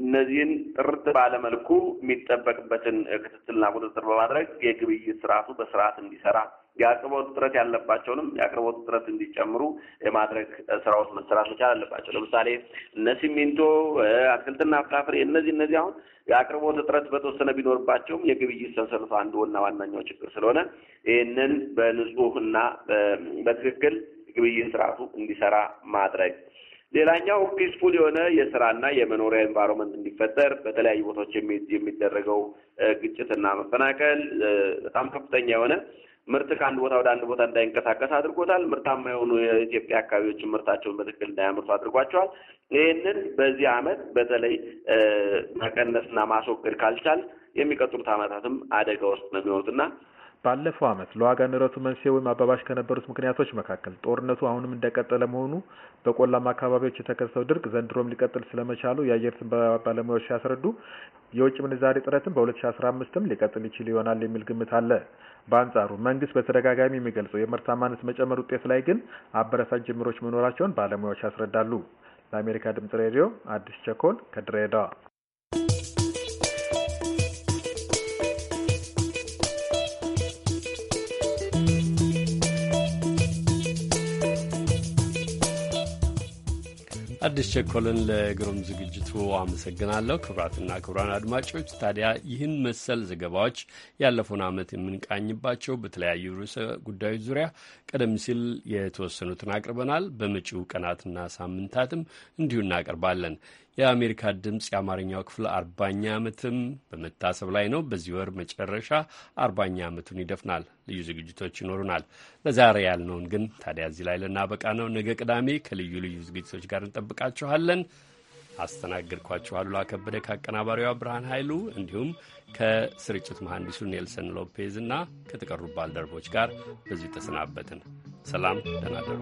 እነዚህን ጥርት ባለመልኩ የሚጠበቅበትን ክትትልና ቁጥጥር በማድረግ የግብይት ስርዓቱ በስርዓት እንዲሰራ የአቅርቦት እጥረት ያለባቸውንም የአቅርቦት እጥረት እንዲጨምሩ የማድረግ ስራዎች መሰራት መቻል አለባቸው። ለምሳሌ እነ ሲሚንቶ፣ አትክልትና ፍራፍሬ እነዚህ እነዚህ አሁን የአቅርቦት እጥረት በተወሰነ ቢኖርባቸውም የግብይት ሰንሰለቱ አንዱ ዋና ዋናኛው ችግር ስለሆነ ይህንን በንጹህ እና በትክክል ግብይት ስርዓቱ እንዲሰራ ማድረግ ሌላኛው ፒስፉል የሆነ የስራና የመኖሪያ ኤንቫይሮንመንት እንዲፈጠር በተለያዩ ቦታዎች የሚደረገው ግጭትና መፈናቀል በጣም ከፍተኛ የሆነ ምርት ከአንድ ቦታ ወደ አንድ ቦታ እንዳይንቀሳቀስ አድርጎታል። ምርታማ የሆኑ የኢትዮጵያ አካባቢዎችን ምርታቸውን በትክክል እንዳያምርቱ አድርጓቸዋል። ይህንን በዚህ ዓመት በተለይ መቀነስና ማስወገድ ካልቻል የሚቀጥሉት ዓመታትም አደጋ ውስጥ ነው የሚሆኑት እና ባለፈው ዓመት ለዋጋ ንረቱ መንስኤ ወይም አባባሽ ከነበሩት ምክንያቶች መካከል ጦርነቱ አሁንም እንደቀጠለ መሆኑ፣ በቆላማ አካባቢዎች የተከሰተው ድርቅ ዘንድሮም ሊቀጥል ስለመቻሉ የአየር ትንበያ ባለሙያዎች ሲያስረዱ፣ የውጭ ምንዛሬ ጥረትም በ2015ም ሊቀጥል ይችል ይሆናል የሚል ግምት አለ። በአንጻሩ መንግስት በተደጋጋሚ የሚገልጸው የምርታማነት መጨመር ውጤት ላይ ግን አበረታች ጅምሮች መኖራቸውን ባለሙያዎች ያስረዳሉ። ለአሜሪካ ድምጽ ሬዲዮ አዲስ ቸኮል ከድሬዳዋ አዲስ ቸኮልን ለግሩም ዝግጅቱ አመሰግናለሁ። ክቡራትና ክቡራን አድማጮች ታዲያ ይህን መሰል ዘገባዎች ያለፈውን ዓመት የምንቃኝባቸው በተለያዩ ርዕሰ ጉዳዮች ዙሪያ ቀደም ሲል የተወሰኑትን አቅርበናል። በመጪው ቀናትና ሳምንታትም እንዲሁ እናቀርባለን። የአሜሪካ ድምፅ የአማርኛው ክፍል አርባኛ ዓመትም በመታሰብ ላይ ነው። በዚህ ወር መጨረሻ አርባኛ ዓመቱን ይደፍናል። ልዩ ዝግጅቶች ይኖሩናል። ለዛሬ ያልነውን ግን ታዲያ እዚህ ላይ ልናበቃ ነው። ነገ ቅዳሜ ከልዩ ልዩ ዝግጅቶች ጋር እንጠብቃችኋለን። አስተናግድኳችሁ አሉላ ከበደ ከአቀናባሪዋ ብርሃን ኃይሉ እንዲሁም ከስርጭት መሐንዲሱ ኔልሰን ሎፔዝ እና ከተቀሩ ባልደረቦች ጋር በዚሁ ተሰናበትን። ሰላም ደናደሩ